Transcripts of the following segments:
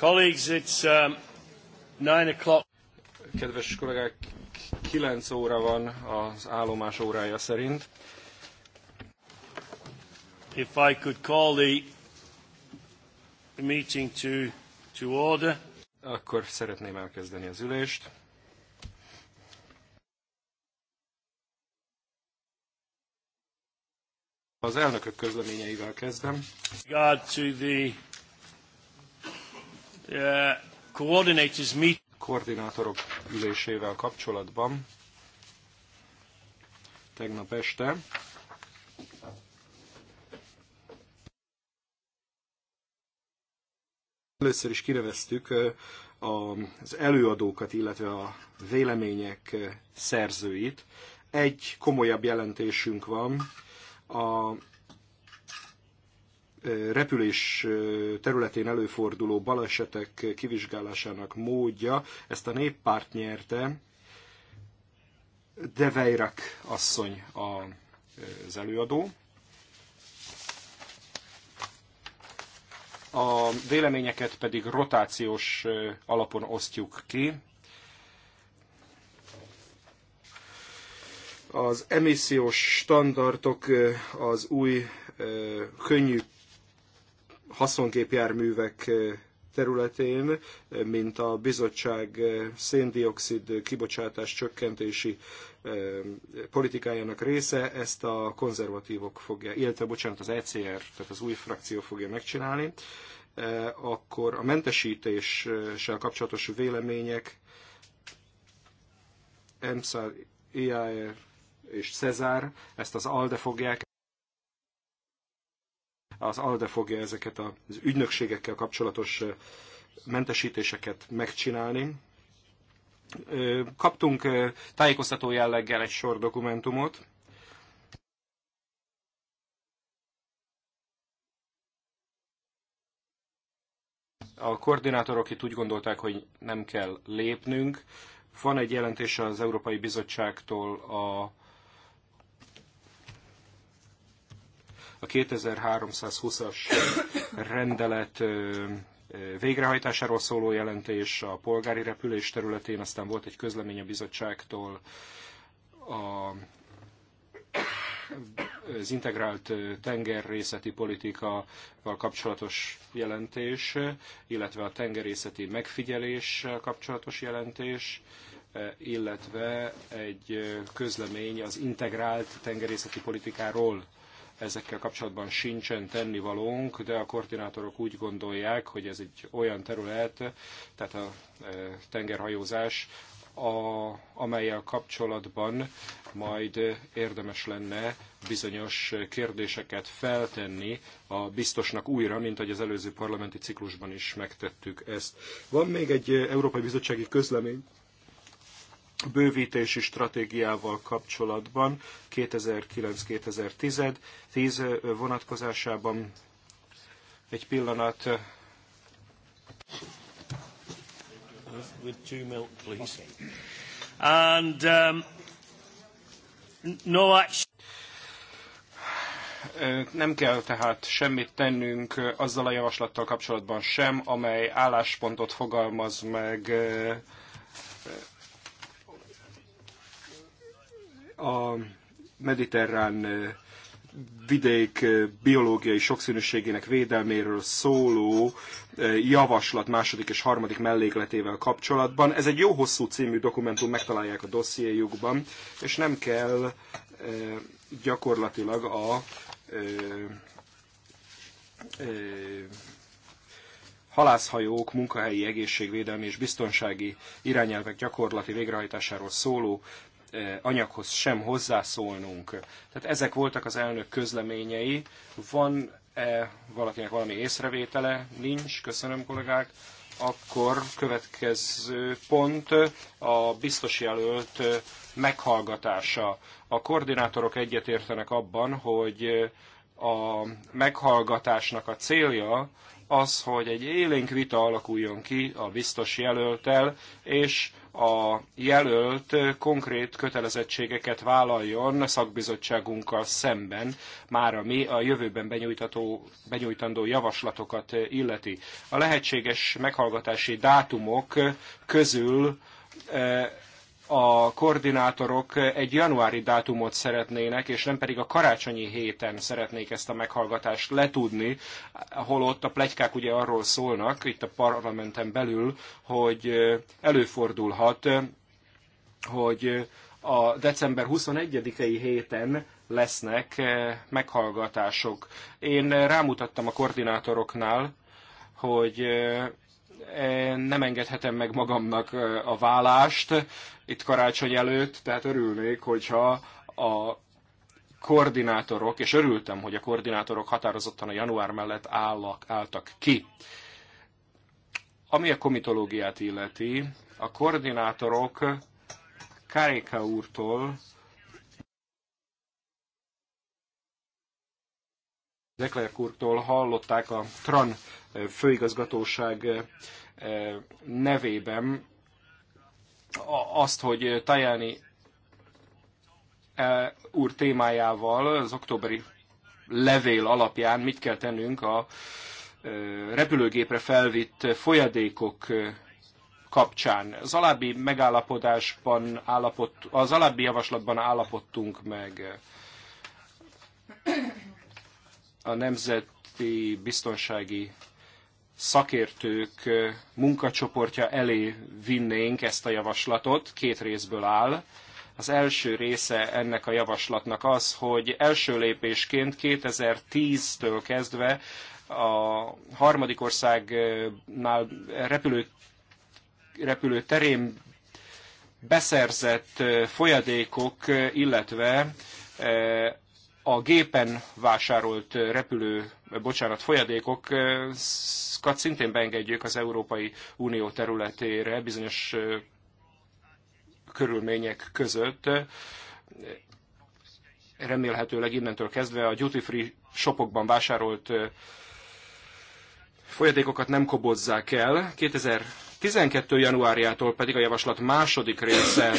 Colleagues, it's um, nine o'clock. Kedves kollégák, 9 óra van az állomás órája szerint. If I could call the meeting to, to order. Akkor szeretném elkezdeni az ülést. Az elnökök közleményeivel kezdem. Regard to the Uh, coordinators meet. Koordinátorok ülésével kapcsolatban tegnap este Először is kireveztük uh, az előadókat, illetve a vélemények uh, szerzőit. Egy komolyabb jelentésünk van, a repülés területén előforduló balesetek kivizsgálásának módja, ezt a néppárt nyerte, de Veirak asszony az előadó. A véleményeket pedig rotációs alapon osztjuk ki. Az emissziós standardok az új könnyű haszongépjárművek eh, területén, eh, mint a bizottság eh, széndiokszid kibocsátás csökkentési politikájának része, ezt a konzervatívok fogja, illetve bocsánat, az ECR, tehát az új frakció fogja megcsinálni, akkor a mentesítéssel kapcsolatos vélemények EMSZAR, IAR és Cezár, ezt az ALDE fogják az ALDE fogja ezeket az ügynökségekkel kapcsolatos mentesítéseket megcsinálni. Kaptunk tájékoztató jelleggel egy sor dokumentumot, a koordinátorok itt úgy gondolták, hogy nem kell lépnünk. Van egy jelentés az Európai Bizottságtól a a 2320-as rendelet végrehajtásáról szóló jelentés a polgári repülés területén, aztán volt egy közlemény a bizottságtól a az integrált tengerrészeti politikával kapcsolatos jelentés, illetve a tengerészeti megfigyelés kapcsolatos jelentés, illetve egy közlemény az integrált tengerészeti politikáról ezekkel kapcsolatban sincsen tennivalónk, de a koordinátorok úgy gondolják, hogy ez egy olyan terület, tehát a e, tengerhajózás, a, amelyel kapcsolatban majd érdemes lenne bizonyos kérdéseket feltenni a biztosnak újra, mint ahogy az előző parlamenti ciklusban is megtettük ezt. Van még egy Európai Bizottsági Közlemény, bővítési stratégiával kapcsolatban 2009-2010 vonatkozásában egy pillanat. With two milk, please. And um, no Nem kell tehát semmit tennünk azzal a javaslattal kapcsolatban sem, amely álláspontot fogalmaz meg a mediterrán vidék biológiai sokszínűségének védelméről szóló javaslat második és harmadik mellékletével kapcsolatban. Ez egy jó hosszú című dokumentum, megtalálják a dossziéjukban, és nem kell gyakorlatilag a halászhajók munkahelyi egészségvédelmi és biztonsági irányelvek gyakorlati végrehajtásáról szóló anyaghoz sem hozzászólnunk. Tehát ezek voltak az elnök közleményei. Van -e valakinek valami észrevétele? Nincs, köszönöm kollégák. Akkor következő pont a biztos jelölt meghallgatása. A koordinátorok egyetértenek abban, hogy a meghallgatásnak a célja az, hogy egy élénk vita alakuljon ki a biztos jelöltel, és a jelölt konkrét kötelezettségeket vállaljon a szakbizottságunkkal szemben, már ami a jövőben benyújtató, benyújtandó javaslatokat illeti. A lehetséges meghallgatási dátumok közül eh, a koordinátorok egy januári dátumot szeretnének, és nem pedig a karácsonyi héten szeretnék ezt a meghallgatást letudni, holott a plegykák ugye arról szólnak, itt a parlamenten belül, hogy előfordulhat, hogy a december 21-i héten lesznek meghallgatások. Én rámutattam a koordinátoroknál, hogy Eh, nem engedhetem meg magamnak eh, a vállást itt karácsony előtt, tehát örülnék, hogyha a koordinátorok, és örültem, hogy a koordinátorok határozottan a január mellett állak, álltak ki. Ami a komitológiát illeti, a koordinátorok Kárika úrtól Leclerc úrtól hallották a TRAN eh, főigazgatóság eh, eh, nevében azt, hogy Tajani úr témájával az októberi levél alapján mit kell tennünk a repülőgépre felvitt folyadékok kapcsán. Az alábbi megállapodásban állapot, az alábbi javaslatban állapodtunk meg a Nemzeti Biztonsági Szakértők munkacsoportja elé vinnénk ezt a javaslatot, két részből áll. Az első része ennek a javaslatnak az, hogy első lépésként 2010-től kezdve a harmadik országnál repülő, repülő terén beszerzett folyadékok, illetve a gépen vásárolt repülő, bocsánat, folyadékok eh, szintén beengedjük az Európai Unió területére bizonyos eh, körülmények között. Remélhetőleg innentől kezdve a duty free shopokban vásárolt eh, folyadékokat nem kobozzák el. 2012. januárjától pedig a javaslat második része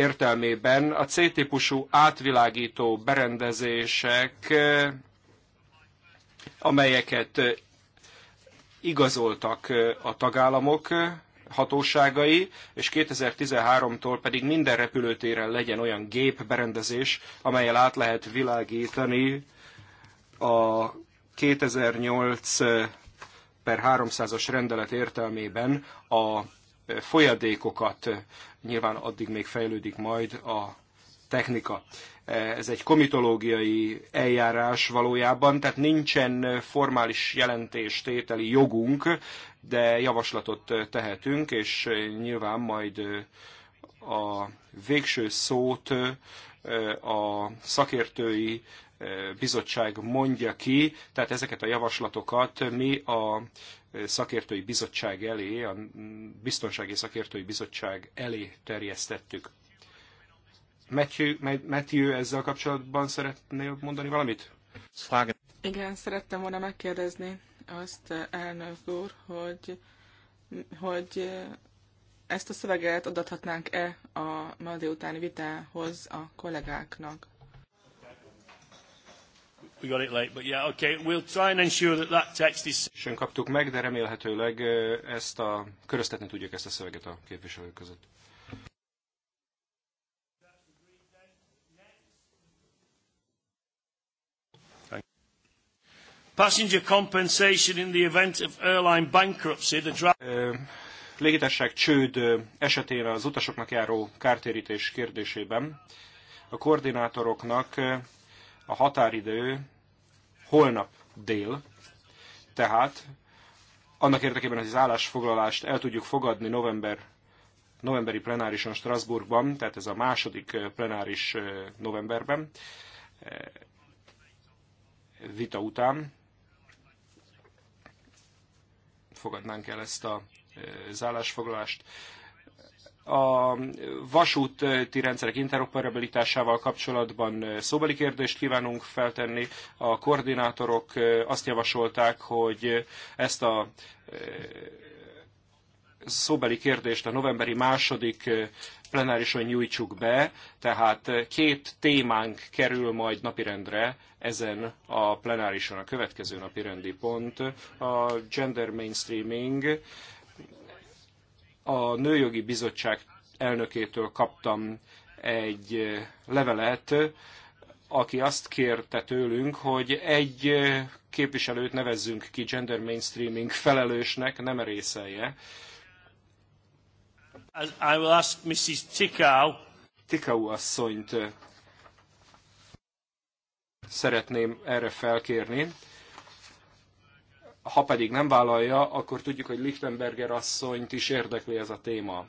értelmében a C-típusú átvilágító berendezések, eh, amelyeket eh, igazoltak eh, a tagállamok hatóságai, és 2013-tól pedig minden repülőtéren legyen olyan gépberendezés, amelyel át lehet világítani a 2008 per 300-as rendelet értelmében a folyadékokat. Nyilván addig még fejlődik majd a technika. Ez egy komitológiai eljárás valójában, tehát nincsen formális jelentéstételi jogunk, de javaslatot tehetünk, és nyilván majd a végső szót a szakértői bizottság mondja ki, tehát ezeket a javaslatokat mi a szakértői bizottság elé, a biztonsági szakértői bizottság elé terjesztettük. Matthew, Matthew ezzel kapcsolatban szeretnél mondani valamit? Igen, szerettem volna megkérdezni azt elnök úr, hogy, hogy ezt a szöveget adhatnánk e a ma délutáni vitához a kollégáknak? We got it late, but yeah, okay. We'll try and ensure that that text is... kaptuk meg, de remélhetőleg eh, ezt a, köröztetni tudjuk ezt a szöveget a képviselők között. Passenger compensation in the event of airline bankruptcy, the draft... Eh, csőd eh, esetén az utasoknak járó kártérítés kérdésében a koordinátoroknak a határidő holnap dél, tehát annak érdekében, hogy az állásfoglalást el tudjuk fogadni november, novemberi plenárison Strasbourgban, tehát ez a második plenáris novemberben, vita után fogadnánk el ezt a zállásfoglalást a vasúti rendszerek interoperabilitásával kapcsolatban szóbeli kérdést kívánunk feltenni. A koordinátorok azt javasolták, hogy ezt a e, szóbeli kérdést a novemberi második e, plenárison nyújtsuk be, tehát két témánk kerül majd napirendre ezen a plenárison. A következő napirendi pont a gender mainstreaming, a Nőjogi Bizottság elnökétől kaptam egy levelet, aki azt kérte tőlünk, hogy egy képviselőt nevezzünk ki gender mainstreaming felelősnek, nem részelje. I will ask Mrs. Tikau. Tikau asszonyt szeretném erre felkérni ha pedig nem vállalja, akkor tudjuk, hogy Lichtenberger asszonyt is érdekli ez a téma.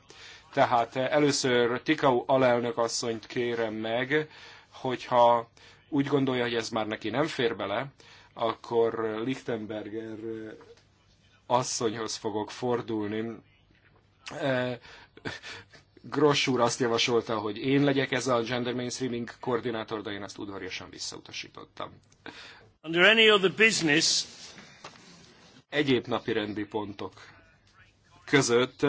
Tehát eh, először Tikau alelnök asszonyt kérem meg, hogyha úgy gondolja, hogy ez már neki nem fér bele, akkor Lichtenberger eh, asszonyhoz fogok fordulni. Eh, Gross úr azt javasolta, hogy én legyek ez a gender mainstreaming koordinátor, de én ezt udvariasan visszautasítottam. Under any other business, egyéb napi rendi pontok között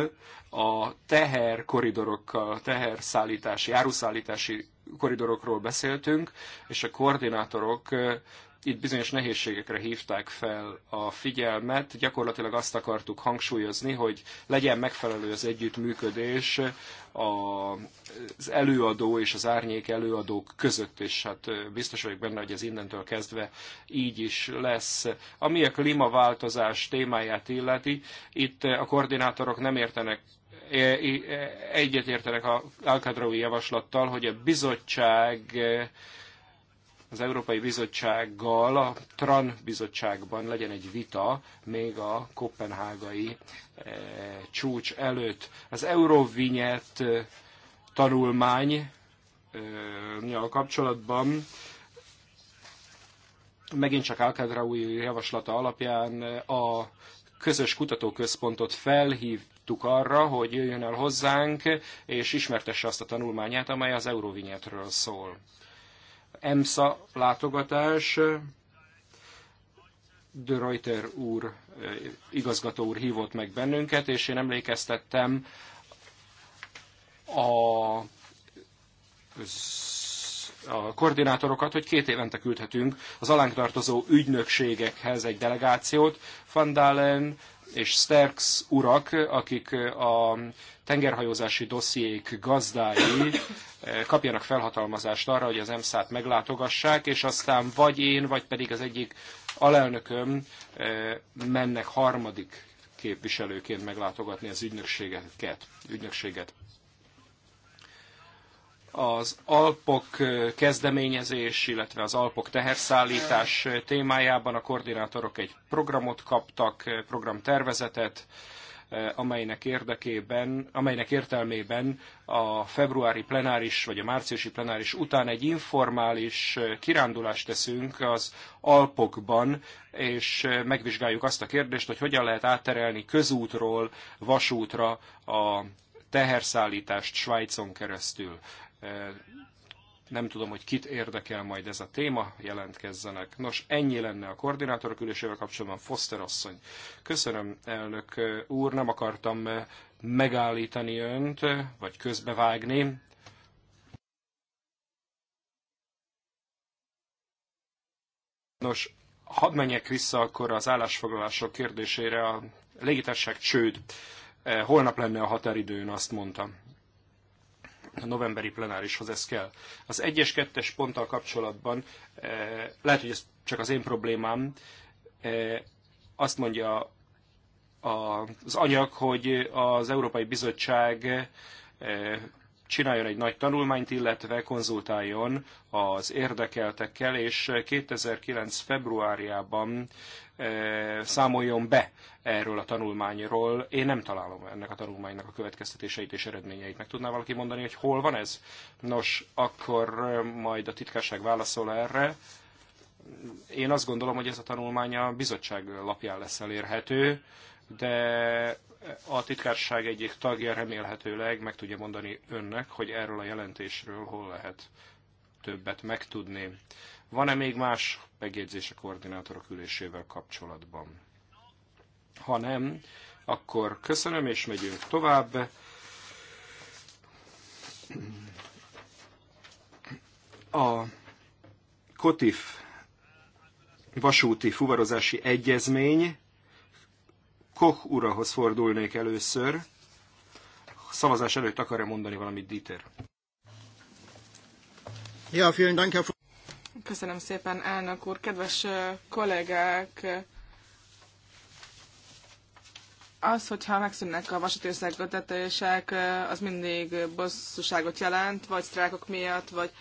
a teher koridorokkal, teherszállítási, áruszállítási koridorokról beszéltünk, és a koordinátorok itt bizonyos nehézségekre hívták fel a figyelmet. Gyakorlatilag azt akartuk hangsúlyozni, hogy legyen megfelelő az együttműködés az előadó és az árnyék előadók között, és hát biztos vagyok benne, hogy ez innentől kezdve így is lesz. Ami a klímaváltozás témáját illeti, itt a koordinátorok nem értenek egyetértenek a Alcadraui javaslattal, hogy a bizottság az Európai Bizottsággal, a TRAN bizottságban legyen egy vita még a kopenhágai e, csúcs előtt. Az Eurovinyet eh, tanulmány e, kapcsolatban megint csak új javaslata alapján a közös kutatóközpontot felhívtuk arra, hogy jöjjön el hozzánk, és ismertesse azt a tanulmányát, amely az Eurovinyetről szól. EMSA látogatás. De Reuter úr, eh, igazgató úr hívott meg bennünket, és én emlékeztettem a, a koordinátorokat, hogy két évente küldhetünk az alánk tartozó ügynökségekhez egy delegációt. Van Dalen, és Sterks urak, akik a tengerhajózási dossziék gazdái, kapjanak felhatalmazást arra, hogy az EMSZ-t meglátogassák, és aztán vagy én, vagy pedig az egyik alelnököm eh, mennek harmadik képviselőként meglátogatni az ügynökséget. ügynökséget. Az Alpok eh, kezdeményezés, illetve az Alpok teherszállítás eh, témájában a koordinátorok egy programot kaptak, programtervezetet, Eh, amelynek érdekében, amelynek értelmében a februári plenáris vagy a márciusi plenáris után egy informális eh, kirándulást teszünk az Alpokban, és eh, megvizsgáljuk azt a kérdést, hogy hogyan lehet átterelni közútról vasútra a teherszállítást Svájcon keresztül nem tudom, hogy kit érdekel majd ez a téma, jelentkezzenek. Nos, ennyi lenne a koordinátorok ülésével kapcsolatban, Foster asszony. Köszönöm, elnök úr, nem akartam megállítani önt, vagy közbevágni. Nos, hadd menjek vissza akkor az állásfoglalások kérdésére. A légitárság csőd. Holnap lenne a határidőn, azt mondtam a novemberi plenárishoz ez kell. Az 1-es, 2-es ponttal kapcsolatban, eh, lehet, hogy ez csak az én problémám, eh, azt mondja az anyag, hogy az Európai Bizottság eh, csináljon egy nagy tanulmányt, illetve konzultáljon az érdekeltekkel, és 2009. februárjában eh, számoljon be erről a tanulmányról. Én nem találom ennek a tanulmánynak a következtetéseit és eredményeit. Meg tudná valaki mondani, hogy hol van ez? Nos, akkor eh, majd a titkárság válaszol erre. Én azt gondolom, hogy ez a tanulmány a bizottság lapján lesz elérhető de a titkárság egyik tagja remélhetőleg meg tudja mondani önnek, hogy erről a jelentésről hol lehet többet megtudni. Van-e még más megjegyzés a koordinátorok ülésével kapcsolatban? Ha nem, akkor köszönöm, és megyünk tovább. A Kotif vasúti fuvarozási egyezmény Koch urahoz fordulnék először. A szavazás előtt akar-e mondani valamit Dieter? Ja, vielen Dank, Herr Köszönöm szépen, elnök úr. Kedves kollégák, az, hogyha megszűnnek a vasúti összekötetések, az mindig bosszúságot jelent, vagy sztrákok miatt, vagy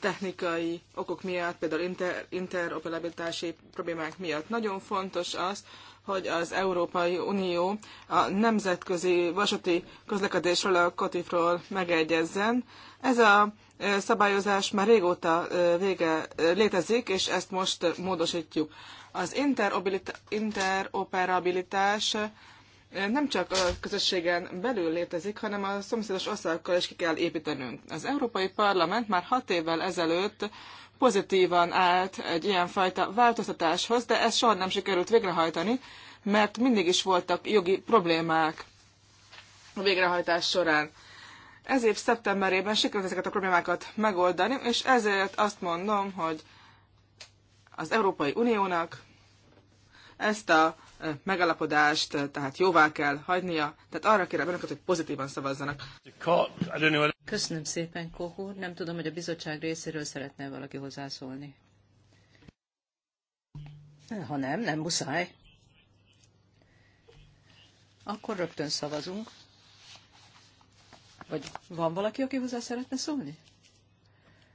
technikai okok miatt, például inter, interoperabilitási problémák miatt. Nagyon fontos az, hogy az Európai Unió a nemzetközi vasúti közlekedésről, a kotifról megegyezzen. Ez a szabályozás már régóta vége, létezik, és ezt most módosítjuk. Az interoperabilitás nem csak a közösségen belül létezik, hanem a szomszédos országokkal is ki kell építenünk. Az Európai Parlament már hat évvel ezelőtt pozitívan állt egy ilyenfajta változtatáshoz, de ezt soha nem sikerült végrehajtani, mert mindig is voltak jogi problémák a végrehajtás során. Ez év szeptemberében sikerült ezeket a problémákat megoldani, és ezért azt mondom, hogy az Európai Uniónak ezt a megalapodást, tehát jóvá kell hagynia, tehát arra kérem önöket, hogy pozitívan szavazzanak. Köszönöm szépen, Kohúr. Nem tudom, hogy a bizottság részéről szeretne valaki hozzászólni. Ha nem, nem muszáj. Akkor rögtön szavazunk. Vagy van valaki, aki hozzá szeretne szólni?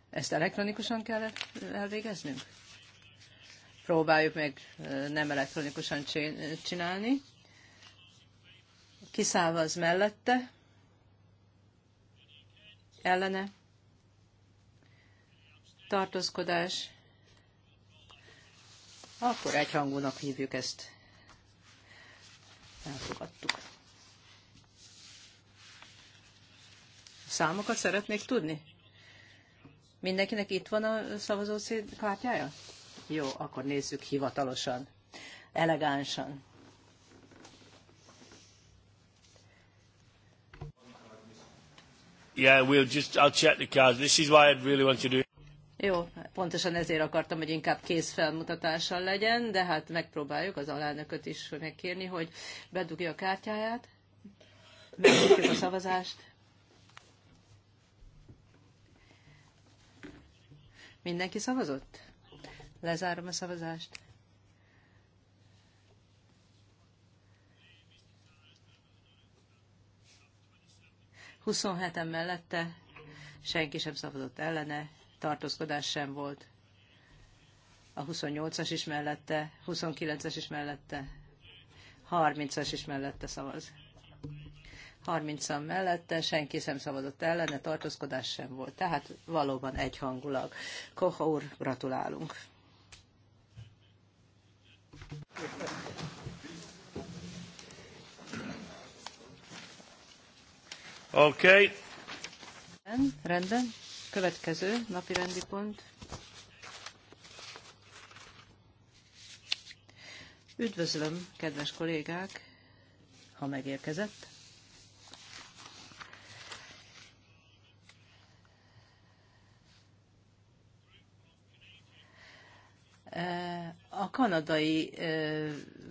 Ezt elektronikusan kell elvégeznünk? próbáljuk meg nem elektronikusan csinálni. az mellette, ellene, tartózkodás, akkor egyhangúnak hívjuk ezt. Elfogadtuk. Számokat szeretnék tudni? Mindenkinek itt van a szavazó kártyája? Jó, akkor nézzük hivatalosan, elegánsan. Yeah, we'll just, I'll check the cards. This is why I really want to do Jó, pontosan ezért akartam, hogy inkább kézfelmutatással legyen, de hát megpróbáljuk az alelnököt is megkérni, hogy bedugja a kártyáját. Megnyitjuk a szavazást. Mindenki szavazott? Lezárom a szavazást. Huszonheten mellette senki sem szavazott ellene, tartózkodás sem volt. A 28-as is mellette, 29-es is mellette, 30-as is mellette szavaz. 30-an mellette, senki sem szavazott ellene, tartózkodás sem volt. Tehát valóban egyhangulag. Koha úr, gratulálunk! Oké. Okay. Rendben. Következő napi rendi pont. Üdvözlöm, kedves kollégák, ha megérkezett. Uh, a kanadai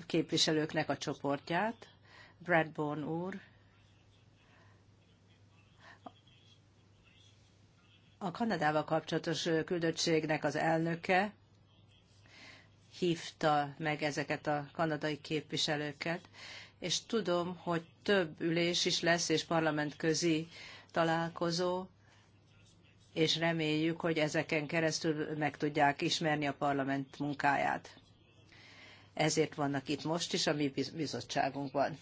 képviselőknek a csoportját, Bradborn úr, a Kanadával kapcsolatos küldöttségnek az elnöke hívta meg ezeket a kanadai képviselőket, és tudom, hogy több ülés is lesz, és parlamentközi találkozó és reméljük, hogy ezeken keresztül meg tudják ismerni a parlament munkáját. Ezért vannak itt most is a mi bizottságunkban.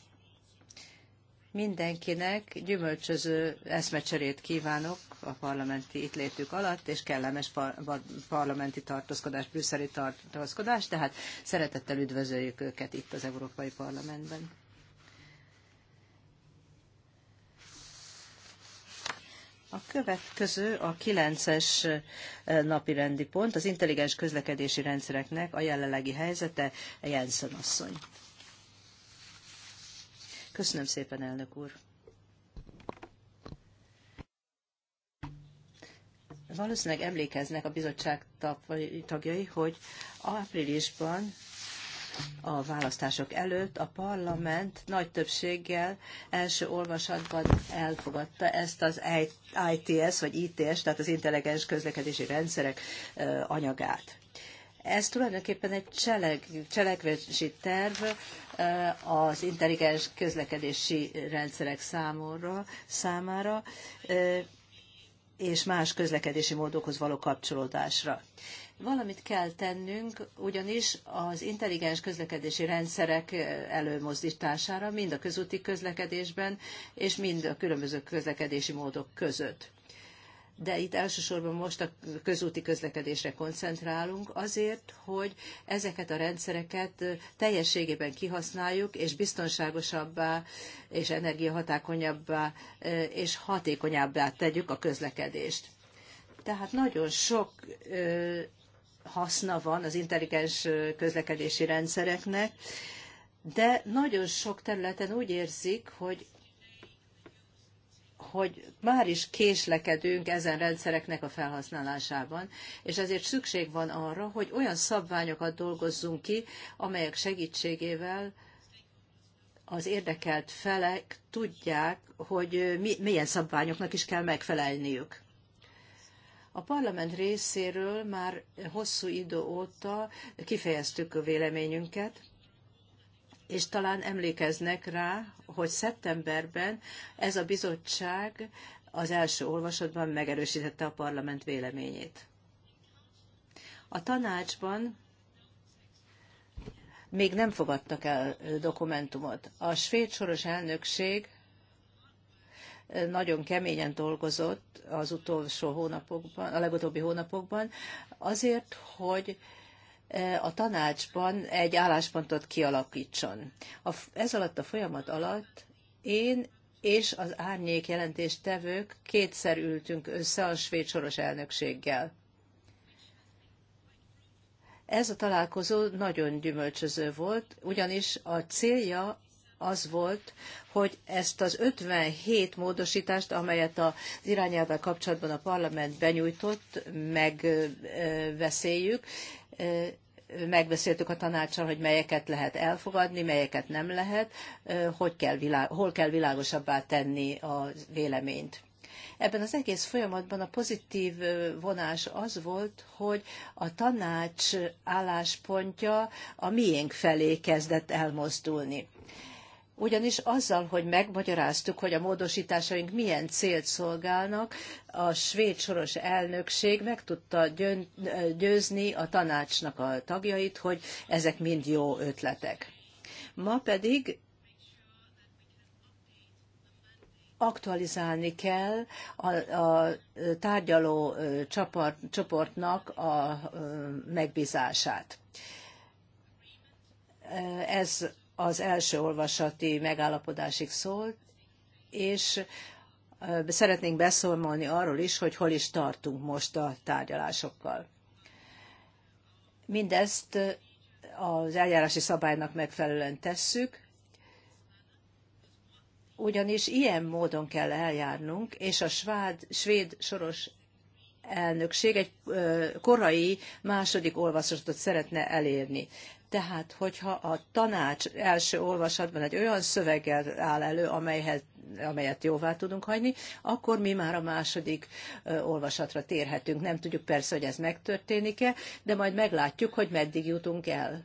Mindenkinek gyümölcsöző eszmecserét kívánok a parlamenti ittlétük alatt, és kellemes par- parlamenti tartózkodás, brüsszeli tartózkodás, tehát szeretettel üdvözöljük őket itt az Európai Parlamentben. A következő a kilences eh, napi rendi pont, az intelligens közlekedési rendszereknek a jelenlegi helyzete, Jensen asszony. Köszönöm szépen, elnök úr. Valószínűleg emlékeznek a bizottság tagjai, hogy áprilisban a választások előtt a parlament nagy többséggel első olvasatban elfogadta ezt az ITS vagy ITS, tehát az intelligens közlekedési rendszerek anyagát. Ez tulajdonképpen egy cselek, cselekvési terv az intelligens közlekedési rendszerek számorra számára és más közlekedési módokhoz való kapcsolódásra. Valamit kell tennünk, ugyanis az intelligens közlekedési rendszerek eh, előmozdítására, mind a közúti közlekedésben, és mind a különböző közlekedési módok között. De itt elsősorban most a közúti közlekedésre koncentrálunk azért, hogy ezeket a rendszereket eh, teljességében kihasználjuk, és biztonságosabbá, és energiahatákonyabbá, eh, és hatékonyabbá tegyük a közlekedést. Tehát nagyon sok haszna van az intelligens közlekedési rendszereknek, de nagyon sok területen úgy érzik, hogy hogy már is késlekedünk ezen rendszereknek a felhasználásában, és ezért szükség van arra, hogy olyan szabványokat dolgozzunk ki, amelyek segítségével az érdekelt felek tudják, hogy mi, milyen szabványoknak is kell megfelelniük. A parlament részéről már hosszú idő óta kifejeztük a véleményünket, és talán emlékeznek rá, hogy szeptemberben ez a bizottság az első olvasatban megerősítette a parlament véleményét. A tanácsban még nem fogadtak el dokumentumot. A svéd soros elnökség nagyon keményen dolgozott az utolsó hónapokban, a legutóbbi hónapokban, azért, hogy e, a tanácsban egy álláspontot kialakítson. A, ez alatt a folyamat alatt én és az árnyék jelentéstevők kétszer ültünk össze a svéd soros elnökséggel. Ez a találkozó nagyon gyümölcsöző volt, ugyanis a célja az volt, hogy ezt az 57 módosítást, amelyet az irányelvvel kapcsolatban a parlament benyújtott, megbeszéljük, megbeszéltük a tanácsal, hogy melyeket lehet elfogadni, melyeket nem lehet, hogy kell világ, hol kell világosabbá tenni a véleményt. Ebben az egész folyamatban a pozitív vonás az volt, hogy a tanács álláspontja a miénk felé kezdett elmozdulni. Ugyanis azzal, hogy megmagyaráztuk, hogy a módosításaink milyen célt szolgálnak, a svéd soros elnökség meg tudta győzni a tanácsnak a tagjait, hogy ezek mind jó ötletek. Ma pedig aktualizálni kell a, a tárgyaló csoport, csoportnak a megbízását. Ez az első olvasati megállapodásig szólt, és szeretnénk beszámolni arról is, hogy hol is tartunk most a tárgyalásokkal. Mindezt az eljárási szabálynak megfelelően tesszük, ugyanis ilyen módon kell eljárnunk, és a svád, svéd soros elnökség egy korai második olvasatot szeretne elérni. Tehát, hogyha a tanács első olvasatban egy olyan szöveggel áll elő, amelyhez, amelyet jóvá tudunk hagyni, akkor mi már a második olvasatra térhetünk. Nem tudjuk persze, hogy ez megtörténik-e, de majd meglátjuk, hogy meddig jutunk el.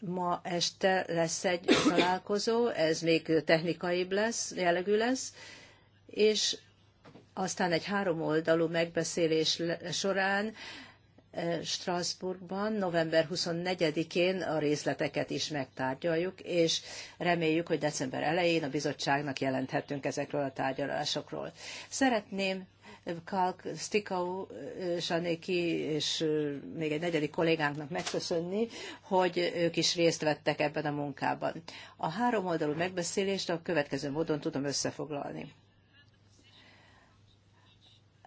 Ma este lesz egy találkozó, ez még technikaibb lesz, jellegű lesz, és aztán egy három oldalú megbeszélés során Strasbourgban november 24-én a részleteket is megtárgyaljuk, és reméljük, hogy december elején a bizottságnak jelenthetünk ezekről a tárgyalásokról. Szeretném Kalk Stikau Sanéki és még egy negyedik kollégánknak megköszönni, hogy ők is részt vettek ebben a munkában. A három oldalú megbeszélést a következő módon tudom összefoglalni.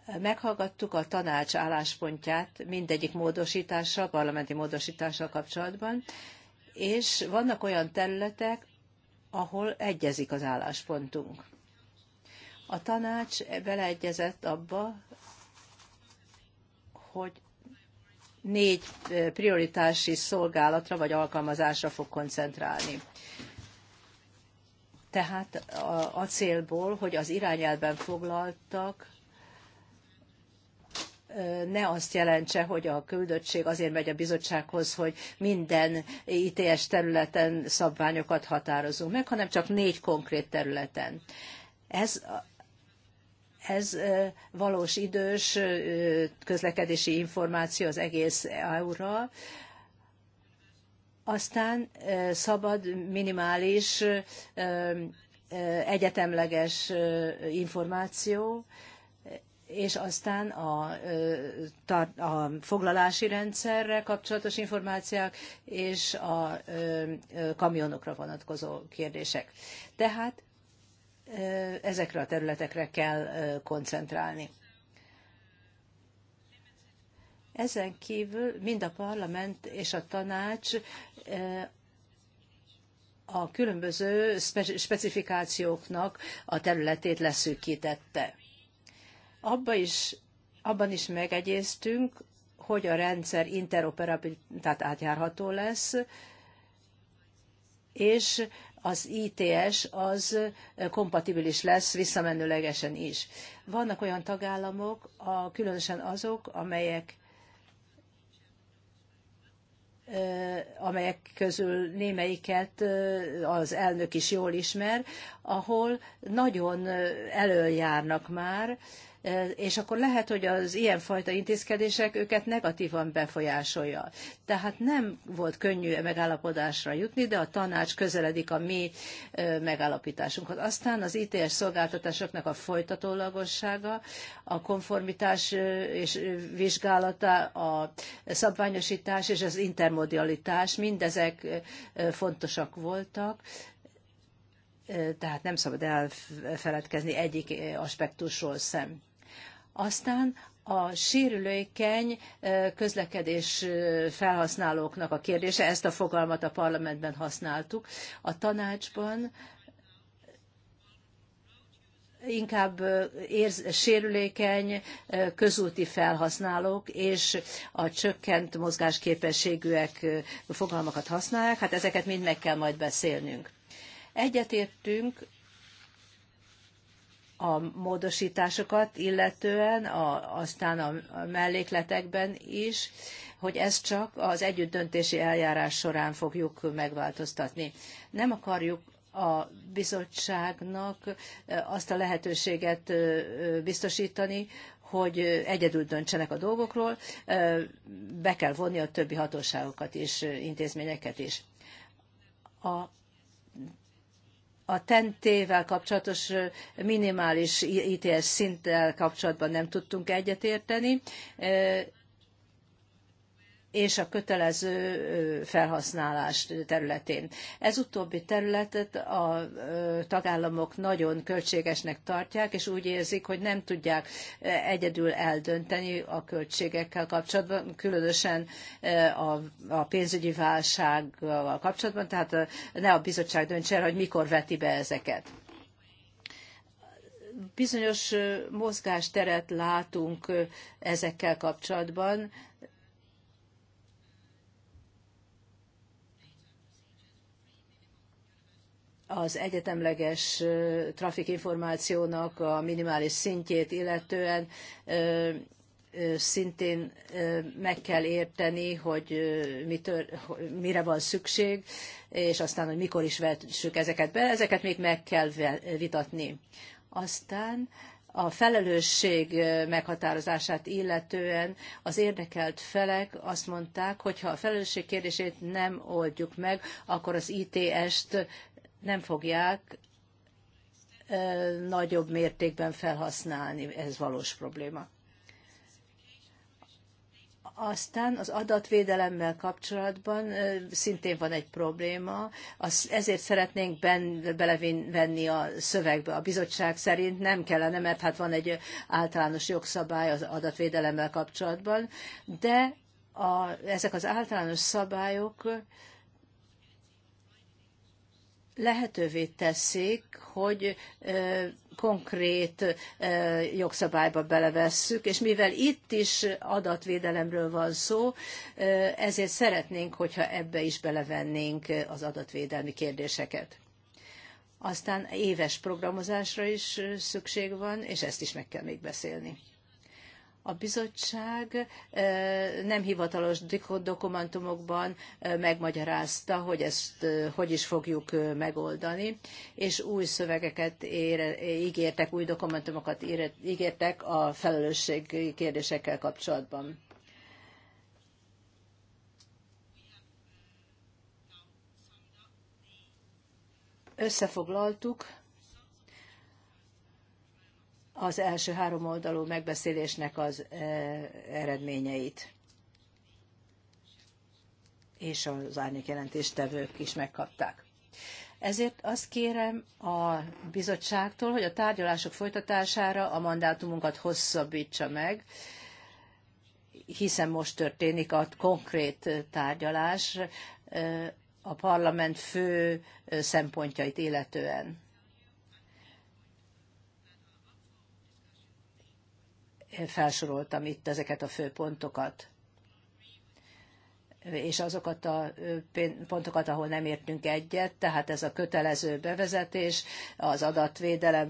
Meghallgattuk a tanács álláspontját mindegyik módosítással, parlamenti módosítással kapcsolatban, és vannak olyan területek, ahol egyezik az álláspontunk. A tanács beleegyezett abba, hogy négy prioritási szolgálatra vagy alkalmazásra fog koncentrálni. Tehát a, a célból, hogy az irányelben foglaltak ne azt jelentse, hogy a küldöttség azért megy a bizottsághoz, hogy minden ITS területen szabványokat határozunk meg, hanem csak négy konkrét területen. Ez, ez valós idős közlekedési információ az egész EU-ra, aztán szabad, minimális, egyetemleges információ, és aztán a, a foglalási rendszerre kapcsolatos információk és a kamionokra vonatkozó kérdések. Tehát ezekre a területekre kell koncentrálni. Ezen kívül mind a parlament és a tanács a különböző specifikációknak a területét leszűkítette Abba is, abban is megegyeztünk, hogy a rendszer tehát átjárható lesz, és az ITS az kompatibilis lesz visszamenőlegesen is. Vannak olyan tagállamok, a, különösen azok, amelyek amelyek közül némelyiket az elnök is jól ismer, ahol nagyon előjárnak már, Eh, és akkor lehet, hogy az ilyenfajta intézkedések őket negatívan befolyásolja. Tehát nem volt könnyű e megállapodásra jutni, de a tanács közeledik a mi eh, megállapításunkhoz. Aztán az ITS szolgáltatásoknak a folytatólagossága, a konformitás eh, és vizsgálata, a szabványosítás és az intermodialitás, mindezek fontosak voltak, tehát nem szabad elfeledkezni egyik aspektusról sem. Aztán a sérülékeny közlekedés felhasználóknak a kérdése, ezt a fogalmat a parlamentben használtuk, a tanácsban inkább érz, sérülékeny közúti felhasználók és a csökkent mozgásképességűek fogalmakat használják, hát ezeket mind meg kell majd beszélnünk. Egyetértünk a módosításokat illetően, a, aztán a mellékletekben is, hogy ezt csak az együttdöntési eljárás során fogjuk megváltoztatni. Nem akarjuk a bizottságnak azt a lehetőséget biztosítani, hogy egyedül döntsenek a dolgokról, be kell vonni a többi hatóságokat és intézményeket is. A a tentével kapcsolatos minimális ITS szinttel kapcsolatban nem tudtunk egyetérteni és a kötelező felhasználás területén. Ez utóbbi területet a tagállamok nagyon költségesnek tartják, és úgy érzik, hogy nem tudják egyedül eldönteni a költségekkel kapcsolatban, különösen a pénzügyi válsággal kapcsolatban, tehát ne a bizottság döntse el, hogy mikor veti be ezeket bizonyos mozgásteret látunk ezekkel kapcsolatban, az egyetemleges trafikinformációnak a minimális szintjét illetően szintén meg kell érteni, hogy mitől, mire van szükség, és aztán, hogy mikor is vessük ezeket be, ezeket még meg kell vitatni. Aztán a felelősség meghatározását illetően az érdekelt felek azt mondták, hogy ha a felelősség kérdését nem oldjuk meg, akkor az ITS-t nem fogják nagyobb mértékben felhasználni, ez valós probléma. Aztán az adatvédelemmel kapcsolatban szintén van egy probléma, az, ezért szeretnénk ben, belevenni a szövegbe. A bizottság szerint nem kellene, mert hát van egy általános jogszabály az adatvédelemmel kapcsolatban, de a, ezek az általános szabályok lehetővé teszik, hogy konkrét jogszabályba belevesszük, és mivel itt is adatvédelemről van szó, ezért szeretnénk, hogyha ebbe is belevennénk az adatvédelmi kérdéseket. Aztán éves programozásra is szükség van, és ezt is meg kell még beszélni a bizottság e, nem hivatalos dokumentumokban e, megmagyarázta, hogy ezt e, hogy is fogjuk megoldani, és új szövegeket ér, ígértek, új dokumentumokat ígértek a felelősség kérdésekkel kapcsolatban. Összefoglaltuk az első három oldalú megbeszélésnek az e, eredményeit. És az árnyékjelentéstevők is megkapták. Ezért azt kérem a bizottságtól, hogy a tárgyalások folytatására a mandátumunkat hosszabbítsa meg, hiszen most történik a konkrét tárgyalás e, a parlament fő e, szempontjait illetően. felsoroltam itt ezeket a fő pontokat, és azokat a pontokat, ahol nem értünk egyet, tehát ez a kötelező bevezetés, az adatvédelem,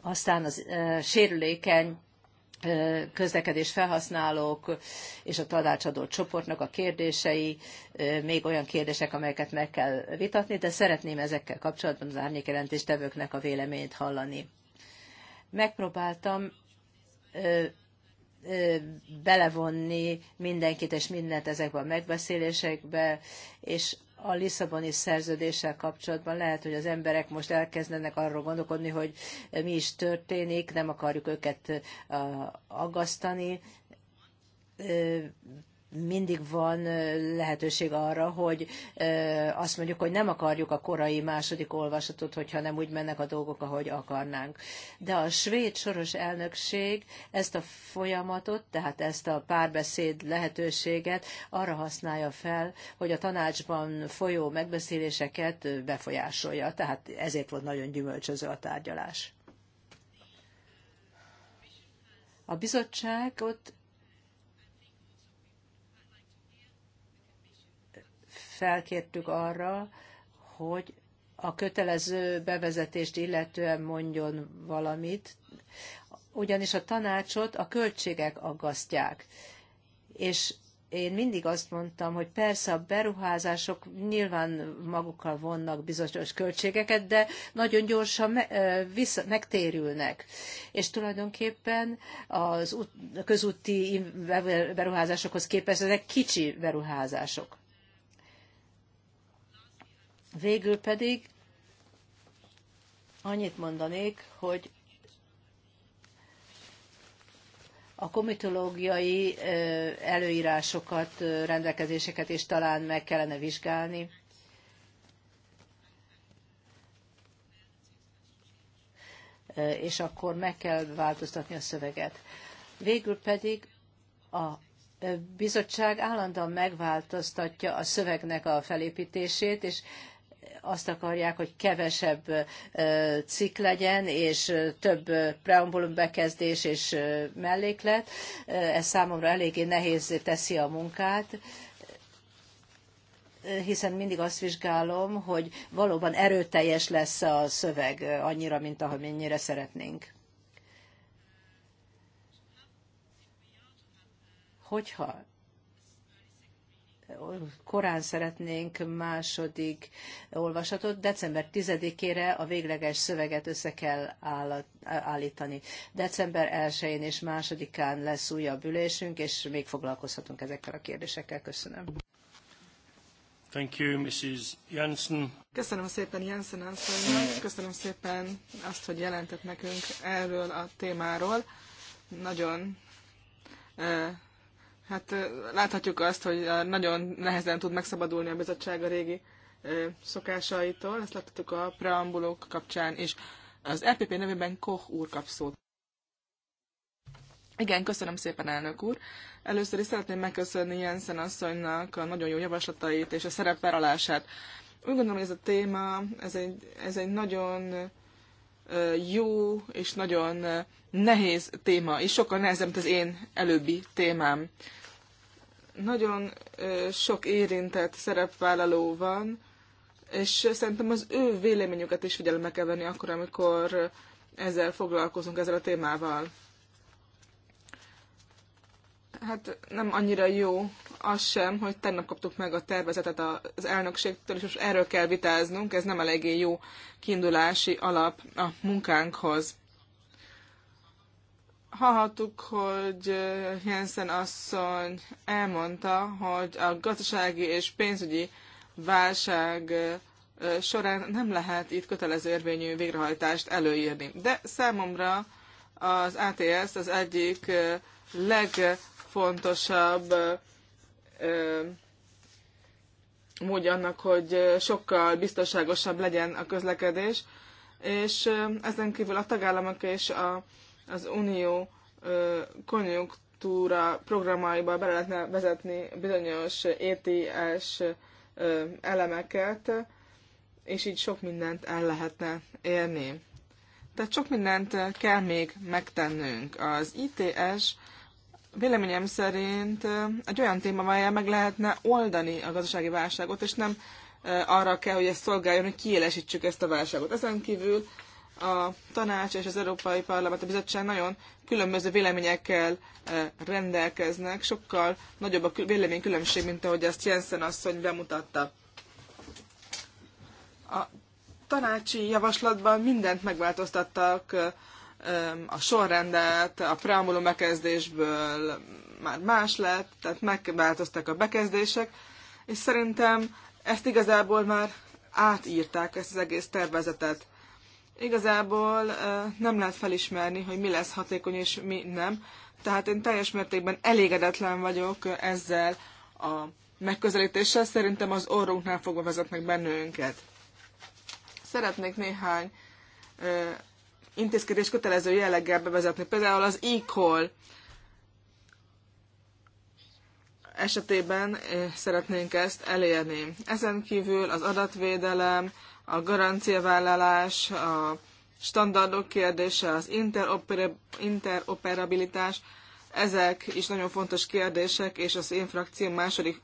aztán az sérülékeny közlekedés felhasználók és a tanácsadó csoportnak a kérdései, még olyan kérdések, amelyeket meg kell vitatni, de szeretném ezekkel kapcsolatban az árnyékjelentéstevőknek a véleményét hallani. Megpróbáltam belevonni mindenkit és mindent ezekbe a megbeszélésekbe, és a Lisszaboni szerződéssel kapcsolatban lehet, hogy az emberek most elkezdenek arról gondolkodni, hogy mi is történik, nem akarjuk őket aggasztani, mindig van lehetőség arra, hogy azt mondjuk, hogy nem akarjuk a korai második olvasatot, hogyha nem úgy mennek a dolgok, ahogy akarnánk. De a svéd soros elnökség ezt a folyamatot, tehát ezt a párbeszéd lehetőséget arra használja fel, hogy a tanácsban folyó megbeszéléseket befolyásolja. Tehát ezért volt nagyon gyümölcsöző a tárgyalás. A bizottságot felkértük arra, hogy a kötelező bevezetést illetően mondjon valamit, ugyanis a tanácsot a költségek aggasztják. És én mindig azt mondtam, hogy persze a beruházások nyilván magukkal vonnak bizonyos költségeket, de nagyon gyorsan me, vissza, megtérülnek. És tulajdonképpen az közúti beruházásokhoz képest ezek kicsi beruházások. Végül pedig annyit mondanék, hogy a komitológiai előírásokat, rendelkezéseket is talán meg kellene vizsgálni. És akkor meg kell változtatni a szöveget. Végül pedig a bizottság állandóan megváltoztatja a szövegnek a felépítését, és azt akarják, hogy kevesebb cikk legyen, és több preambulum bekezdés és melléklet. Ez számomra eléggé nehéz teszi a munkát hiszen mindig azt vizsgálom, hogy valóban erőteljes lesz a szöveg annyira, mint amennyire szeretnénk. Hogyha korán szeretnénk második olvasatot, december 10-ére a végleges szöveget össze kell állítani. December 1-én és másodikán lesz újabb ülésünk, és még foglalkozhatunk ezekkel a kérdésekkel. Köszönöm. Thank you, Mrs. Jensen. Köszönöm szépen Jensen asszonynak, köszönöm szépen azt, hogy jelentett nekünk erről a témáról. Nagyon Hát láthatjuk azt, hogy nagyon nehezen tud megszabadulni a bizottság a régi szokásaitól, ezt láthatjuk a preambulók kapcsán is. Az LPP e nevében Koch úr kap szót. Igen, köszönöm szépen, elnök úr. Először is szeretném megköszönni Jensen asszonynak a nagyon jó javaslatait és a szerepvállalását. Úgy gondolom, hogy ez a téma, ez egy, ez egy nagyon jó és nagyon nehéz téma, és sokkal nehezebb, mint az én előbbi témám. Nagyon sok érintett szerepvállaló van, és szerintem az ő véleményüket is figyelembe kell venni akkor, amikor ezzel foglalkozunk, ezzel a témával. Hát nem annyira jó az sem, hogy tegnap kaptuk meg a tervezetet az elnökségtől, és most erről kell vitáznunk, ez nem eléggé jó kiindulási alap a munkánkhoz. Hallhattuk, hogy Jensen asszony elmondta, hogy a gazdasági és pénzügyi válság során nem lehet itt kötelező érvényű végrehajtást előírni. De számomra az ATS az egyik legfontosabb módja annak, hogy sokkal biztonságosabb legyen a közlekedés, és ezen kívül a tagállamok és a, az unió konjunktúra programaiba bele lehetne vezetni bizonyos ETS elemeket, és így sok mindent el lehetne érni. Tehát sok mindent kell még megtennünk. Az ITS Véleményem szerint egy olyan téma, amelyel meg lehetne oldani a gazdasági válságot, és nem arra kell, hogy ezt szolgáljon, hogy kielesítsük ezt a válságot. Ezen kívül a tanács és az Európai Parlament, a bizottság nagyon különböző véleményekkel rendelkeznek, sokkal nagyobb a véleménykülönbség, mint ahogy ezt Jensen asszony bemutatta. A tanácsi javaslatban mindent megváltoztattak a sorrendet a preambuló bekezdésből már más lett, tehát megváltoztak a bekezdések, és szerintem ezt igazából már átírták, ezt az egész tervezetet. Igazából nem lehet felismerni, hogy mi lesz hatékony és mi nem, tehát én teljes mértékben elégedetlen vagyok ezzel a megközelítéssel, szerintem az orrunknál fogva vezetnek bennünket. Szeretnék néhány intézkedés kötelező jelleggel bevezetni. Például az e esetében szeretnénk ezt elérni. Ezen kívül az adatvédelem, a garanciavállalás, a standardok kérdése, az interoperabilitás, ezek is nagyon fontos kérdések, és az én frakcióm második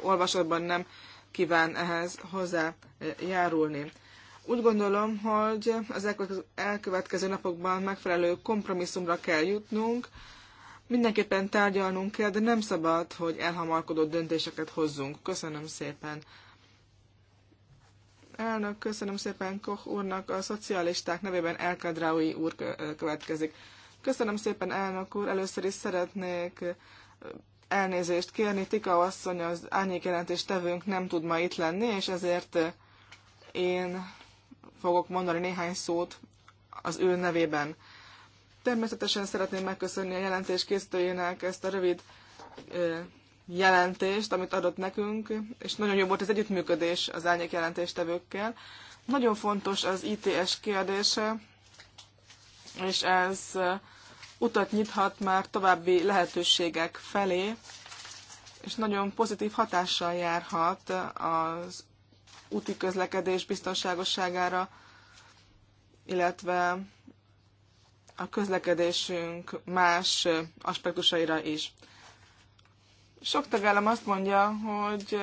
olvasatban nem kíván ehhez hozzájárulni. Úgy gondolom, hogy az elkövetkező napokban megfelelő kompromisszumra kell jutnunk, mindenképpen tárgyalnunk kell, de nem szabad, hogy elhamarkodó döntéseket hozzunk. Köszönöm szépen. Elnök, köszönöm szépen Koch úrnak, a szocialisták nevében Elkadraui úr következik. Köszönöm szépen, elnök úr. Először is szeretnék elnézést kérni. Tika asszony, az árnyékjelentés tevőnk nem tud ma itt lenni, és ezért én fogok mondani néhány szót az ő nevében. Természetesen szeretném megköszönni a jelentés készítőjének ezt a rövid jelentést, amit adott nekünk, és nagyon jó volt az együttműködés az árnyék jelentéstevőkkel. Nagyon fontos az ITS kérdése, és ez utat nyithat már további lehetőségek felé, és nagyon pozitív hatással járhat az úti közlekedés biztonságosságára, illetve a közlekedésünk más aspektusaira is. Sok tagállam azt mondja, hogy